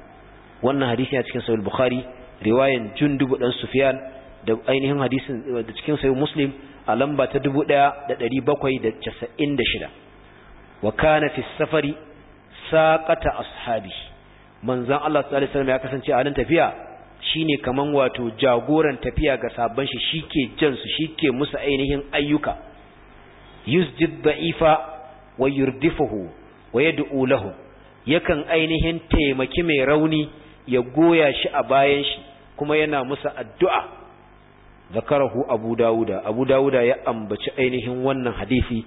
[SPEAKER 1] wannan hadisi a cikin sahih bukhari riwayan dubu dan sufyan da ainihin hadisin eh, da cikin sahih muslim a lamba ta 1796 wa kana fi safari Saƙata ashabi manzan Allah sallallahu alaihi ya kasance a nan tafiya shine kaman wato jagoran tafiya ga sabon shi shike jan su shike musu ainihin ayyuka yusjid da'ifa wa yurdifuhu wa yad'u lahu yakan ainihin taimaki mai rauni ya goya shi a bayan shi kuma yana musa addu'a zakarahu abu dawuda abu dawuda ya ambaci ainihin wannan hadisi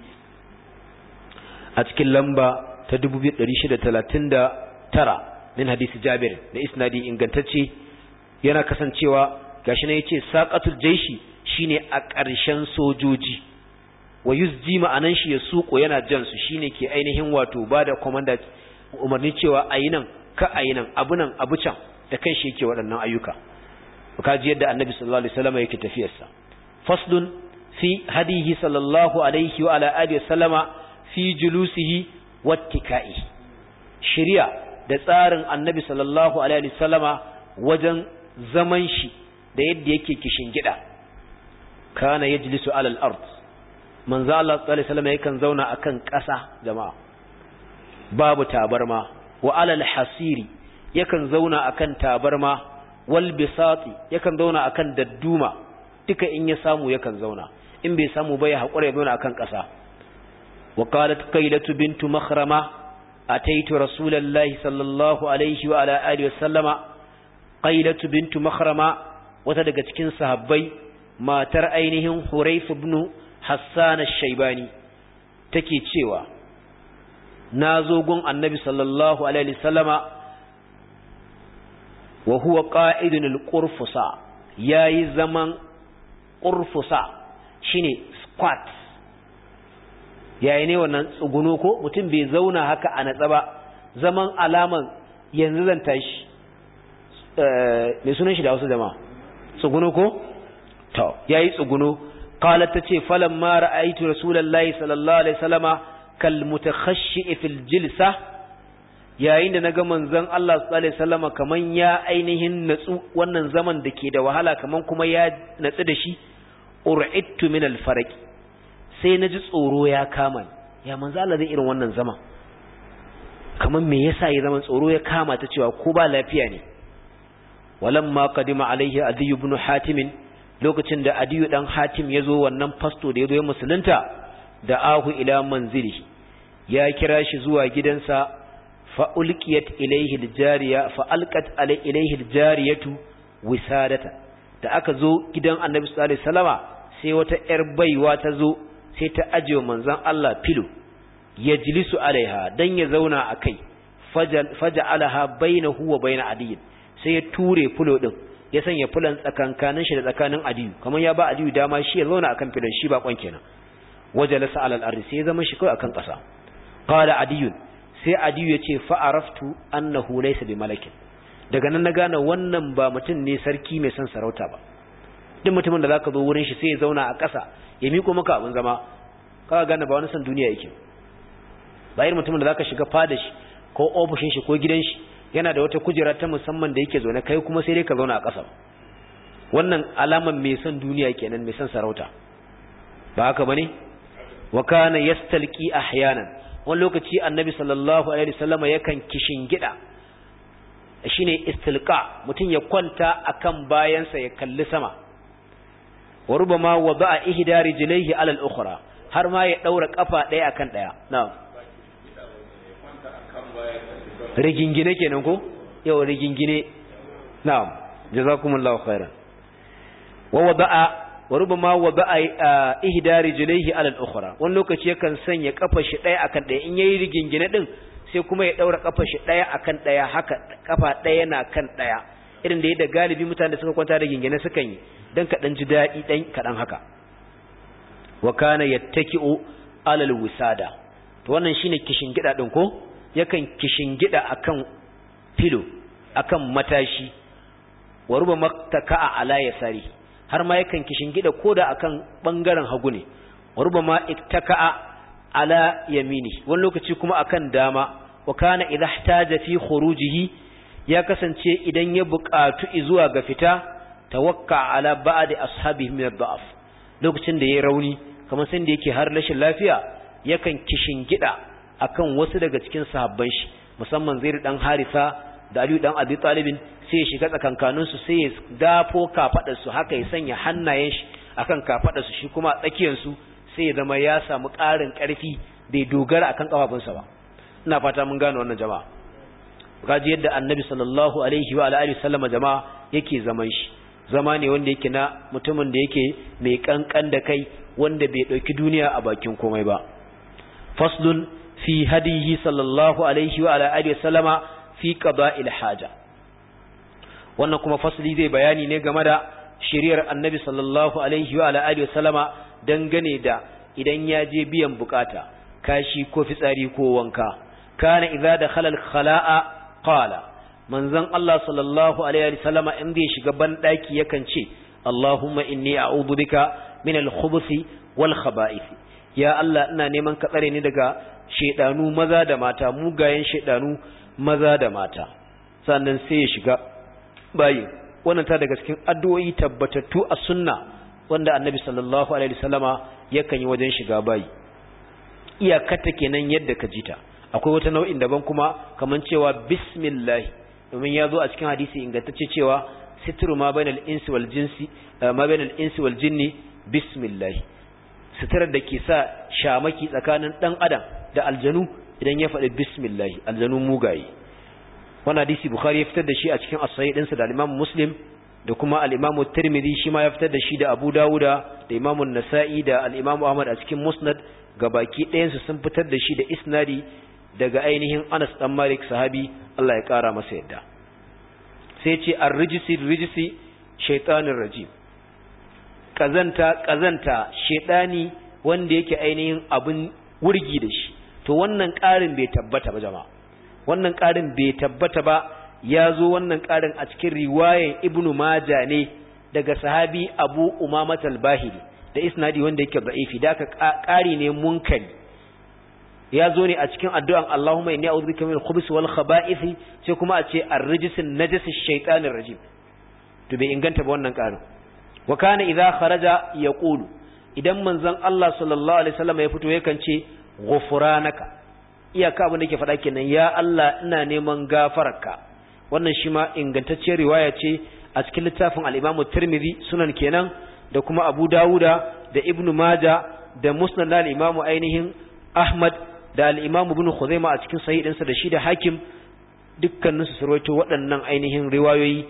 [SPEAKER 1] a cikin lamba ta tara min hadisi jabir da isnadi ingantacce yana kasancewa gashi na yace saqatul jaishi shine a ƙarshen sojoji wa yuzji ma'anan shi ya suko yana jan su shine ke ainihin wato bada komanda umarni cewa ayi nan ka ayi nan abu nan abu can da kai shi yake waɗannan ayyuka ka ji yadda annabi sallallahu alaihi wasallam yake tafiyarsa faslun fi hadihi sallallahu alaihi wa ala alihi wasallama fi julusihi wattika'i shirya da tsarin annabi sallallahu alaihi wasallama wajen zaman shi da yadda yake kishin gida kana yajlisu alal ard manzo Allah sallallahu alaihi wasallama yakan zauna akan ƙasa jama'a babu tabarma wa alal hasiri yakan zauna akan tabarma wal bisati yakan zauna akan dadduma duka in ya samu yakan zauna in bai samu ba ya haƙura ya zauna akan ƙasa وقالت قيلة بنت مخرمة أتيت رسول الله صلى الله عليه وعلى آله وسلم قيلة بنت مخرمة وتدقت كن صحبي ما ترأينهم حريف بن حسان الشيباني تكي تشيوا نازوغن النبي صلى الله عليه وسلم وهو قائد القرفصة ياي زمن قرفصة شيني سكوات yayi ne wannan tsuguno ko mutum bai zauna haka a natsa ba zaman alaman yanzu zan tashi eh, mai sunan shi da wasu jama'a tsuguno ko to yayi tsuguno qalat tace ma ra'aytu rasulullahi sallallahu alaihi wasallama kal mutakhashshi fil jilsa yayin da naga manzon Allah sallallahu alaihi wasallama kaman ya ainihin natsu wannan zaman da ke da wahala kaman kuma ya natsu da shi ur'itu min al farq sai na ji tsoro ya kama ni ya manzo Allah zai irin wannan zama kamar me yasa ya zama tsoro ya kama ta cewa ko ba lafiya ne walamma qadima alaihi adi ibn hatim lokacin da adi dan hatim ya zo wannan fasto da ya zo ya musulunta da ahu ila manzili ya kira shi zuwa gidansa fa ulqiyat ilaihi aljariya fa alqat alai ilaihi aljariyatu wisadata da aka zo gidan annabi sallallahu alaihi wasallama sai wata ‘yar baiwa ta zo sai ta ajiye manzon Allah filo yajlisu alaiha dan ya zauna akai kai faja'alaha bainahu wa bain adiyin sai ya ture filo din ya sanya filan tsakankanin shi da tsakanin adiyu kamar ya ba adiyu dama shi ya zauna akan filan shi ba kwan kenan wajalasa alal ardi sai ya zama shi kai akan kasa qala adiyun sai adiyu ya ce fa'araftu annahu laysa bi malakin daga nan na gane wannan ba mutum ne sarki mai son sarauta ba duk mutumin da zaka zo wurin shi sai ya zauna a ƙasa ya miko maka abin zama kaga gane ba wani san duniya yake ba irin mutumin da zaka shiga fada shi ko ofishin shi ko gidan shi yana da wata kujera ta musamman da yake zaune kai kuma sai dai ka zauna a ƙasa wannan alaman mai san duniya kenan mai san sarauta ba haka bane wa kana yastalqi ahyanan wani lokaci annabi sallallahu alaihi wasallama yakan kishingida shine istilqa mutum ya kwanta akan bayansa ya kalli sama wa rubama wada'a ihda rijlaihi ala al-ukhra har ma ya daura kafa daya akan daya na'am rigingine kenan ko yau rigingine na'am jazakumullahu khairan wa wada'a wa rubama wada'a ihda rijlaihi ala al-ukhra wani lokaci yakan sanya kafa shi daya akan daya in yayi rigingine din sai kuma ya daura kafa shi daya akan daya haka kafa daya na kan daya irin da yadda galibi mutane da suka kwanta da gingine sukan yi dan kaɗan ji daɗi dan kaɗan haka wa kana yattaki'u alal wisada to wannan shine kishin gida din ko yakan kishin gida akan filo akan matashi wa ruba maktaka'a ala yasari har ma yakan kishin gida koda akan bangaren hagu ne wa ruba ma iktaka'a ala yamini wani lokaci kuma akan dama wa kana ta ihtaja fi khurujihi ya kasance idan ya buƙatu zuwa ga fita tawakka ala ba'di ashabihi min ad daf lokacin da yayi rauni kamar sanda yake har rashin lafiya yakan kishin gida akan wasu daga cikin sahabban shi musamman Zaid dan Harisa da Ali dan Abi Talib sai ya shiga tsakankanin su sai ya dafo kafadar su haka ya sanya hannayen shi akan kafadar su shi kuma tsakiyar su sai ya zama ya samu ƙarin ƙarfi bai dogara akan kafafunsa ba ina fata mun gane wannan jama'a kaji yadda annabi sallallahu alaihi wa alihi sallama jama'a yake zaman shi zama ne wanda yake na mutumin da yake mai kankan da kai wanda bai dauki duniya a bakin komai ba faslun fi hadihi sallallahu alaihi wa alihi sallama fi qada'il haja wannan kuma fasli zai bayani ne game da shiriyar annabi sallallahu alaihi wa alihi sallama dangane da idan ya je biyan bukata kashi ko fitsari ko wanka kana idza dakhala al-khala'a qala manzon Allah sallallahu alaihi wasallama in bai shiga banɗaki yakan ce Allahumma inni a'udhu bika min al-khubuthi wal khaba'ith ya Allah ina neman ka tsare ni daga shedanu maza da mata mugayen shedanu maza da mata sannan sai ya shiga bayi wannan ta daga cikin addu'o'i tabbatattu a sunna wanda annabi sallallahu alaihi wasallama yakan yi wajen shiga bayi iyakata kenan yadda ka jita akwai wata nau'in daban kuma kaman cewa bismillah domin ya zo a cikin hadisi ingantacce cewa sitru ma bainal insi wal jinsi eh, ma bainal insi wal jinni bismillah sitarar da ke sa shamaki tsakanin dan adam da aljanu idan ya faɗi bismillah aljanu mugaye wannan hadisi bukhari ya fitar da shi a cikin as-sahih dinsa da imam muslim da kuma al-Imam Tirmidhi shi ma ya fitar da shi da Abu Dawuda da Imam Nasa'i da al-Imam Ahmad a cikin Musnad gabaki ɗayan su sun fitar da shi da isnadi daga ainihin Anas dan Malik sahabi Allah ya kara masa yadda sai ce ar rijisi rijsi shaytanir rajim kazanta kazanta shaytani wanda yake ainihin abun wurgi da shi to wannan ƙarin bai tabbata ba jama'a wannan ƙarin bai tabbata ba ya zo wannan ƙarin a cikin riwayan ibnu maja ne daga sahabi abu umamat al-bahili da isnadi wanda yake da'ifi da aka ƙari ne munkari ya zo ne a cikin addu'an Allahumma inni a'udhu bika minal khubuthi wal khaba'ith ce kuma a ce a rijs na najis ash rajim to bai inganta ba wannan ƙarin. wa kana idza kharaja yaqulu idan manzon Allah sallallahu alaihi wasallam ya fito yakan ce ghufranaka iyaka abin da yake faɗa kenan ya Allah ina neman gafararka wannan shi ma ingantacciyar riwaya ce a cikin littafin al-Imam Tirmidhi sunan kenan da kuma Abu Dawuda da Ibn Majah da Musnad al-Imam ainihin Ahmad da al bin Ibn a cikin sahih da shi da Hakim dukkanin su rawaito waɗannan ainihin riwayoyi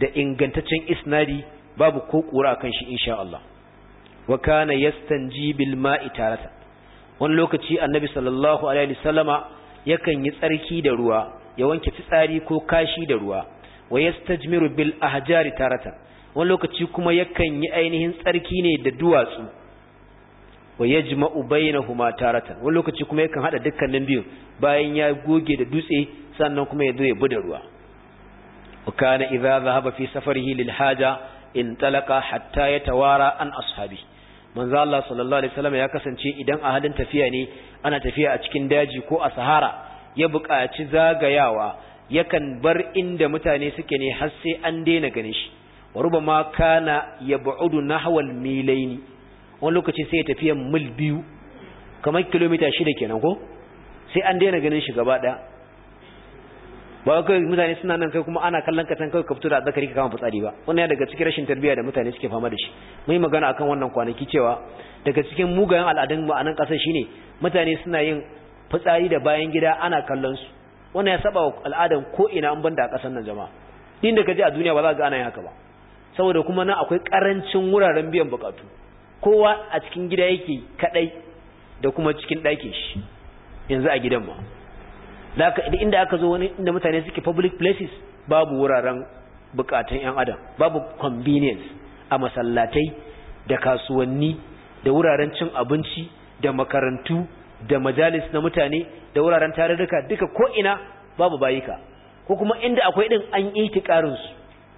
[SPEAKER 1] da ingantaccen isnadi babu ko kura kan shi insha Allah wa kana yastanji bil ma'i tarata wani lokaci annabi sallallahu alaihi wasallama yakan yi tsarki da ruwa ya wanke fitsari ko kashi da ruwa wa yastajmiru bil ahjari tarata wani lokaci kuma yakan yi ainihin tsarki ne da duwatsu wa yajma'u bainahuma taratan wani lokaci kuma yakan haɗa dukkanin biyu bayan ya goge da dutse sannan kuma ya zo ya buda ruwa wa kana idza dhahaba fi safarihi lil haja in talaqa hatta yatawara an ashabi manzo Allah sallallahu alaihi wasallam ya kasance idan a halin tafiya ne ana tafiya a cikin daji ko a sahara ya buƙaci zagayawa yakan bar inda mutane suke ne har sai an daina ganin shi wa rubama kana yab'udu nahwal milaini wani lokaci sai ya tafiya mil biyu kamar kilomita shida kenan ko sai an daina ganin shi gaba ɗaya ba kai mutane suna nan kai kuma ana kallon katan kai ka fito da zakari ka kama fitsari ba wannan ya daga cikin rashin tarbiyya da mutane suke fama da shi mun yi magana akan wannan kwanaki cewa daga cikin mugayen al'adun mu a nan ƙasar shine mutane suna yin fitsari da bayan gida ana kallon su wannan ya saba al'adan ko ina an banda a ƙasar nan jama'a din da ka je a duniya ba za ka ga ana yin haka ba saboda kuma nan akwai ƙarancin wuraren biyan buƙatu kowa a cikin gida yake kadai da kuma cikin ɗakin shi yanzu a gidan ba inda aka zo wani inda mutane suke public places babu wuraren bukatun yan adam babu convenience a masallatai da kasuwanni da wuraren cin abinci da makarantu da majalis na mutane da wuraren tarurruka duka ko'ina babu bayika ko kuma inda akwai din an itikarin su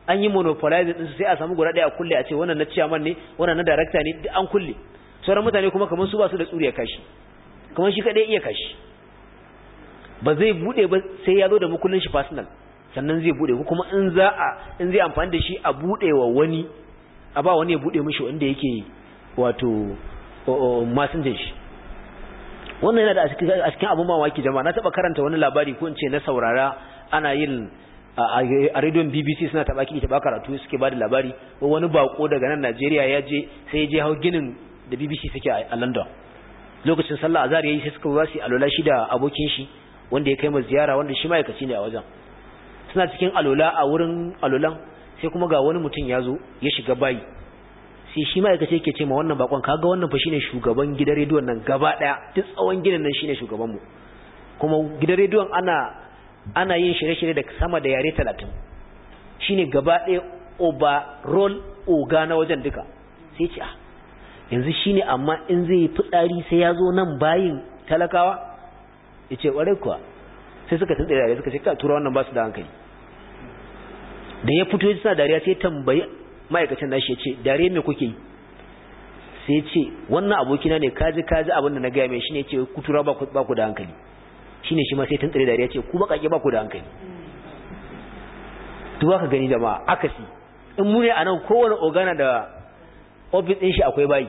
[SPEAKER 1] an yi monopolizing din sai a samu guda daya a kulle a ce wannan na chairman ne wannan na director ne an kulle sauran mutane kuma kamar su ba su da tsuriya kashi kamar shi kadai iya kashi ba zai bude ba sai ya zo da mukullin shi personal sannan zai bude ko kuma in za a in zai amfani da shi a bude wa wani a ba wani ya bude mishi wanda yake wato masinjin shi wannan yana da a cikin abin mamaki jama'a na taba karanta wani labari ko in ce na saurara ana yin a rediyon bbc suna taɓa taba karatu suke ba da labari wani bako daga nan najeriya ya je sai ya je hau ginin da bbc suke a london lokacin sallah azhar yayi sai suka ba su alola shi da abokin shi wanda ya kai mu ziyara wanda shi ma'aikaci ne a wajen suna cikin alola a wurin alolan sai kuma ga wani mutum ya zo ya shiga bayi sai shi ma'aikaci yake ce ma wannan bakon kaga wannan fa shine shugaban gidan rediyon nan gaba daya duk tsawon ginin nan shine shugaban mu kuma gidan rediyon ana ana yin shirye-shirye da sama da yare talatin shine gaba ɗaya overall oga na wajen duka sai ce ah yanzu shine amma in zai fitsari sai ya zo nan bayin talakawa ya ce ware kuwa sai suka tsaye yare suka ce ka tura wannan ba su da hankali da ya fito sa dariya sai tambayi ma'aikacin nashi ya ce dariya mai kuke yi sai ce wannan abokina ne kaji kaji abin da na gaya mai shi ne ya ce ku tura ba ku da hankali shine shi ma sai tantare dariya ce ku ki ba ku da hankali to ka gani jama'a akasi in mu ne anan kowane ogana da office din shi akwai bayi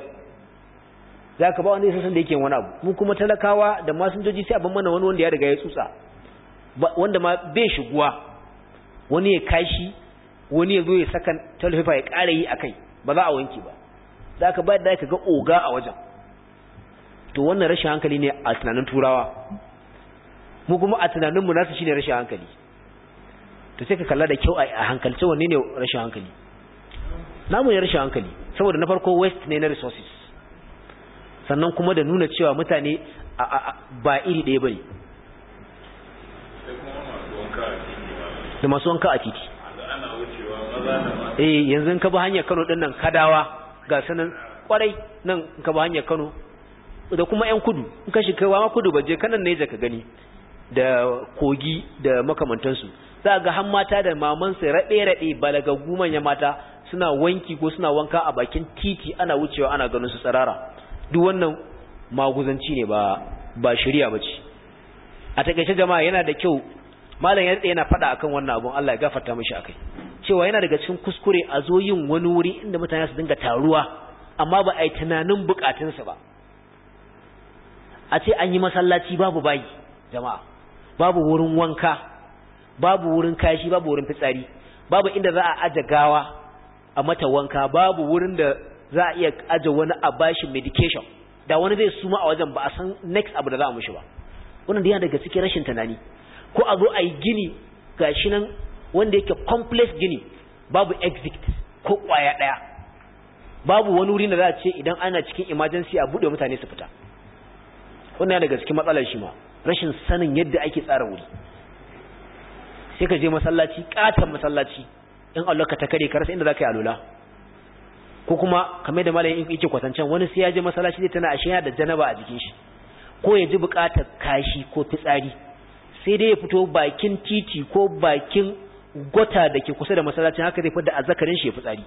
[SPEAKER 1] zaka ba wanda ya san da yake wani abu mu kuma talakawa da masinjoji sai abin mana wani wanda ya riga ya tsutsa wanda ma bai shiguwa wani ya kashi wani ya zo ya saka talfifa ya ƙara yi akai ba za a wanke ba zaka ba da ka ga oga a wajen to wannan rashin hankali ne a tunanin turawa mu kuma a tunanin mu nasu shine rashin hankali to sai ka kalla da kyau a hankalce wanne ne rashin hankali namu ne rashin hankali saboda na farko waste ne na resources sannan kuma da nuna cewa mutane ba iri ɗaya bane da masu wanka a titi eh yanzu ka bi hanyar Kano din nan kadawa ga sanan kwarai nan ka bi hanyar Kano da kuma yan kudu in ka shiga ma kudu baje kanan ne je ka gani da kogi da makamantansu za ga han mata da mamansu raɗe-raɗe balagaggu ya mata suna wanki ko suna wanka a bakin titi ana wucewa ana ganin su tsarara duk wannan maguzanci ne ba ba shari'a bace a takeice jama'a yana da kyau malam ya yana faɗa akan wannan abun Allah ya gafarta mishi akai cewa yana daga cikin kuskure a zo yin wani wuri inda mutane su dinga taruwa amma ba a yi tunanin bukatunsa ba a ce an yi masallaci babu bayi jama'a babu wurin wanka babu wurin kashi babu wurin fitsari babu inda za a aje gawa a mata wanka babu wurin da za a iya aje wani a bashi medication da wani zai suma a wajen ba a san next abu da za a mushi ba wannan yana daga cikin rashin tunani ko a zo a yi gini gashi nan wanda yake complex gini babu exit ko kwaya daya babu wani wuri da za a ce idan ana cikin emergency a bude mutane su fita wannan daga cikin matsalar shi ma rashin sanin yadda ake tsara wuri sai ka je masallaci katon masallaci in ka ta kare ka rasa inda za ka yi alula ko kuma kamar da malayin yake kwatancan wani sai ya je masallaci zai tana ashe da janaba a jikin shi ko ya ji bukatar kashi ko fitsari sai dai ya fito bakin titi ko bakin gwata da ke kusa da masallacin haka zai fada azzakarin shi ya fitsari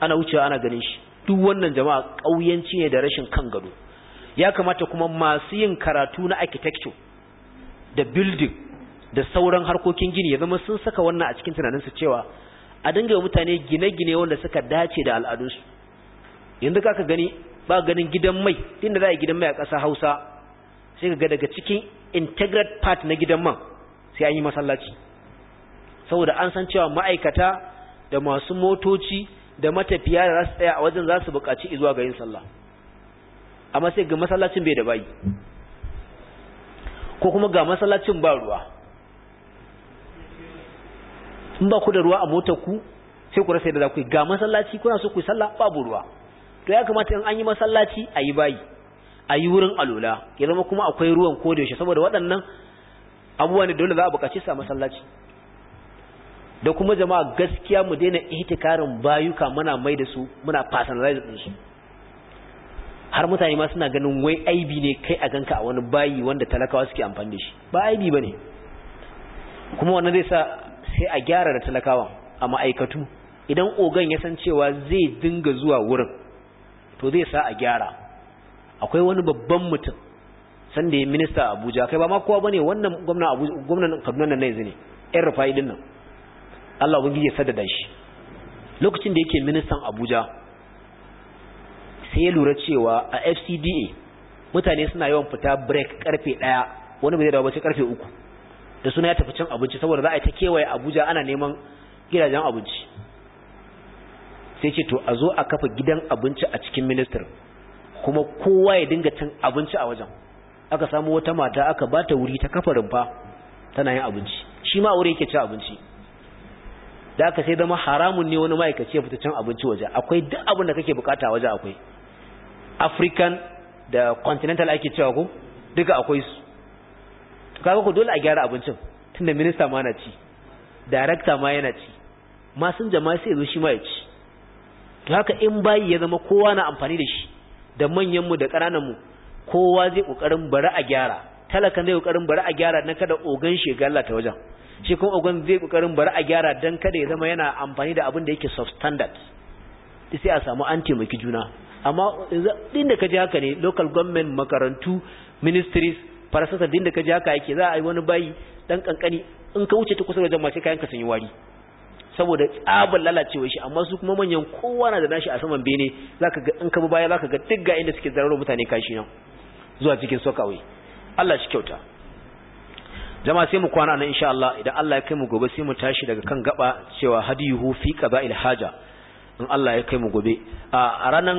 [SPEAKER 1] ana wucewa ana ganin shi duk wannan jama'a ƙauyenci ne da rashin kan gado ya kamata kuma masu yin karatu na architecture da building da sauran harkokin gini ya zama sun saka wannan a cikin tunaninsu cewa a dinga mutane gine-gine wanda suka dace da al'adunsu yanzu ka gani ba ganin gidan mai inda za a yi gidan mai a ƙasa hausa sai ka ga daga cikin integrate part na gidan man sai an yi masallaci saboda an san cewa ma'aikata da masu motoci da matafiya da za su tsaya a wajen za su buƙaci izuwa ga yin sallah amma sai ga masallacin bai da bayi ko kuma ga masallacin ba ruwa in ba ku da ruwa a motar ku sai ku rasa yadda ku ga masallaci kuna so ku yi sallah babu ruwa to ya kamata in an yi masallaci a yi bayi a yi wurin alola ya zama kuma akwai ruwan ko da yaushe saboda waɗannan abubuwa ne dole za a buƙaci sa masallaci da kuma jama'a gaskiya mu daina itikarin bayuka muna mai da su muna personalize din su har mutane ma suna ganin wai aibi ne kai a ganka a wani bayi wanda talakawa suke amfani da shi ba aibi bane kuma wannan zai sa sai a gyara da talakawa a ma'aikatu idan ogan ya san cewa zai dinga zuwa wurin to zai sa a gyara akwai wani babban mutum sanda ya minista Abuja kai ba ma kowa bane wannan gwamnan Kaduna na Kaduna ne yan Rufai dinnan. nan Allah ubangiji ya sadada shi lokacin da yake ministan Abuja sai ya lura cewa a FCDA mutane suna yawan fita break karfe daya wani bai da ba karfe uku da suna ya tafi cin abinci saboda za a yi ta kewaye Abuja ana neman gidajen abinci sai ce to a zo a kafa gidan abinci a cikin minister kuma kowa ya dinga cin abinci a wajen aka samu wata mata aka ba ta wuri ta kafa rumfa tana yin abinci shi ma wuri yake cin abinci da aka sai zama haramun ne wani ma'aikaci ya fita cin abinci waje akwai duk abin da kake bukata waje akwai african da continental ake cewa ko duka akwai su kaga ku dole a gyara abincin tunda minista ma na ci director ma yana ci masun jama'a sai zo shi ma ya ci to haka in bayi ya zama kowa na amfani da shi da manyan da ƙananan mu kowa zai kokarin bari a gyara talakan zai kokarin bari a gyara na kada ogan shi ga ta wajen shi kuma ogan zai kokarin bari a gyara dan kada ya zama yana amfani da abin da yake substandard sai a samu an taimaki juna amma din da ka ji haka ne local government makarantu ministries farasasa din da ka ji haka yake za a yi wani bayi dan kankani in ka wuce ta kusa wajen mace kayan ka sun yi wari saboda tsabar lalacewa shi amma su kuma manyan kowa na da nashi a saman bene zaka ga in ka bi baya zaka ga duk ga inda suke zararo mutane kashi nan zuwa cikin sokawai Allah shi kyauta jama'a sai mu kwana nan insha Allah idan Allah ya kai mu gobe sai mu tashi daga kan gaba cewa hadiyuhu fi qada'il haja in Allah ya kai mu gobe a ranar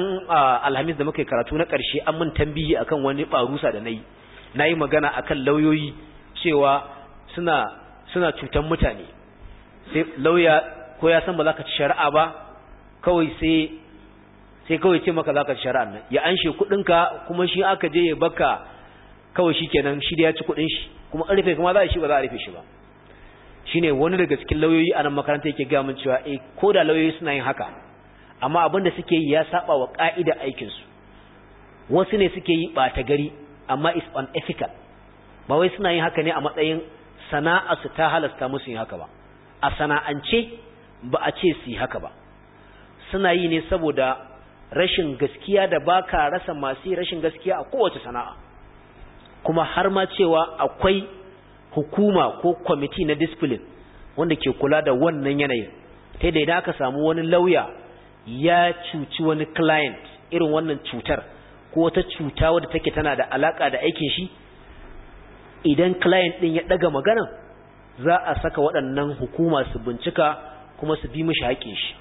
[SPEAKER 1] alhamis da muka karatu na ƙarshe an mun tambayi akan wani barusa da nayi nayi magana akan lauyoyi cewa suna suna cutan mutane sai lauya ko ya san ba za ka ci shari'a ba kawai sai sai kawai ce maka za ka ci shari'a nan ya anshe kuɗinka kuma shi aka je ya baka kawai shi kenan shi da ya ci kuɗin shi kuma an rufe kuma za a shi ba za a rufe shi ba shine wani daga cikin lauyoyi a nan makaranta yake gaya min cewa eh ko da lauyoyi suna yin haka amma abin da suke yi ya saba wa ka'ida aikin su wasu ne suke yi bata gari amma is unethical ba wai suna yin haka ne a matsayin sana'a su ta halasta musu yin haka ba a sana'ance ba a ce su yi haka ba suna yi ne saboda rashin gaskiya da baka rasa masu rashin gaskiya a kowace sana'a kuma har ma cewa akwai hukuma ko kwamiti na discipline wanda ke kula da wannan yanayin ta da idan aka samu wani lauya ya cuci wani client irin wannan cutar ko wata cuta wadda take tana da alaka da aikin shi idan client din ya daga magana za a saka waɗannan hukuma su bincika kuma su bi mishi haƙin shi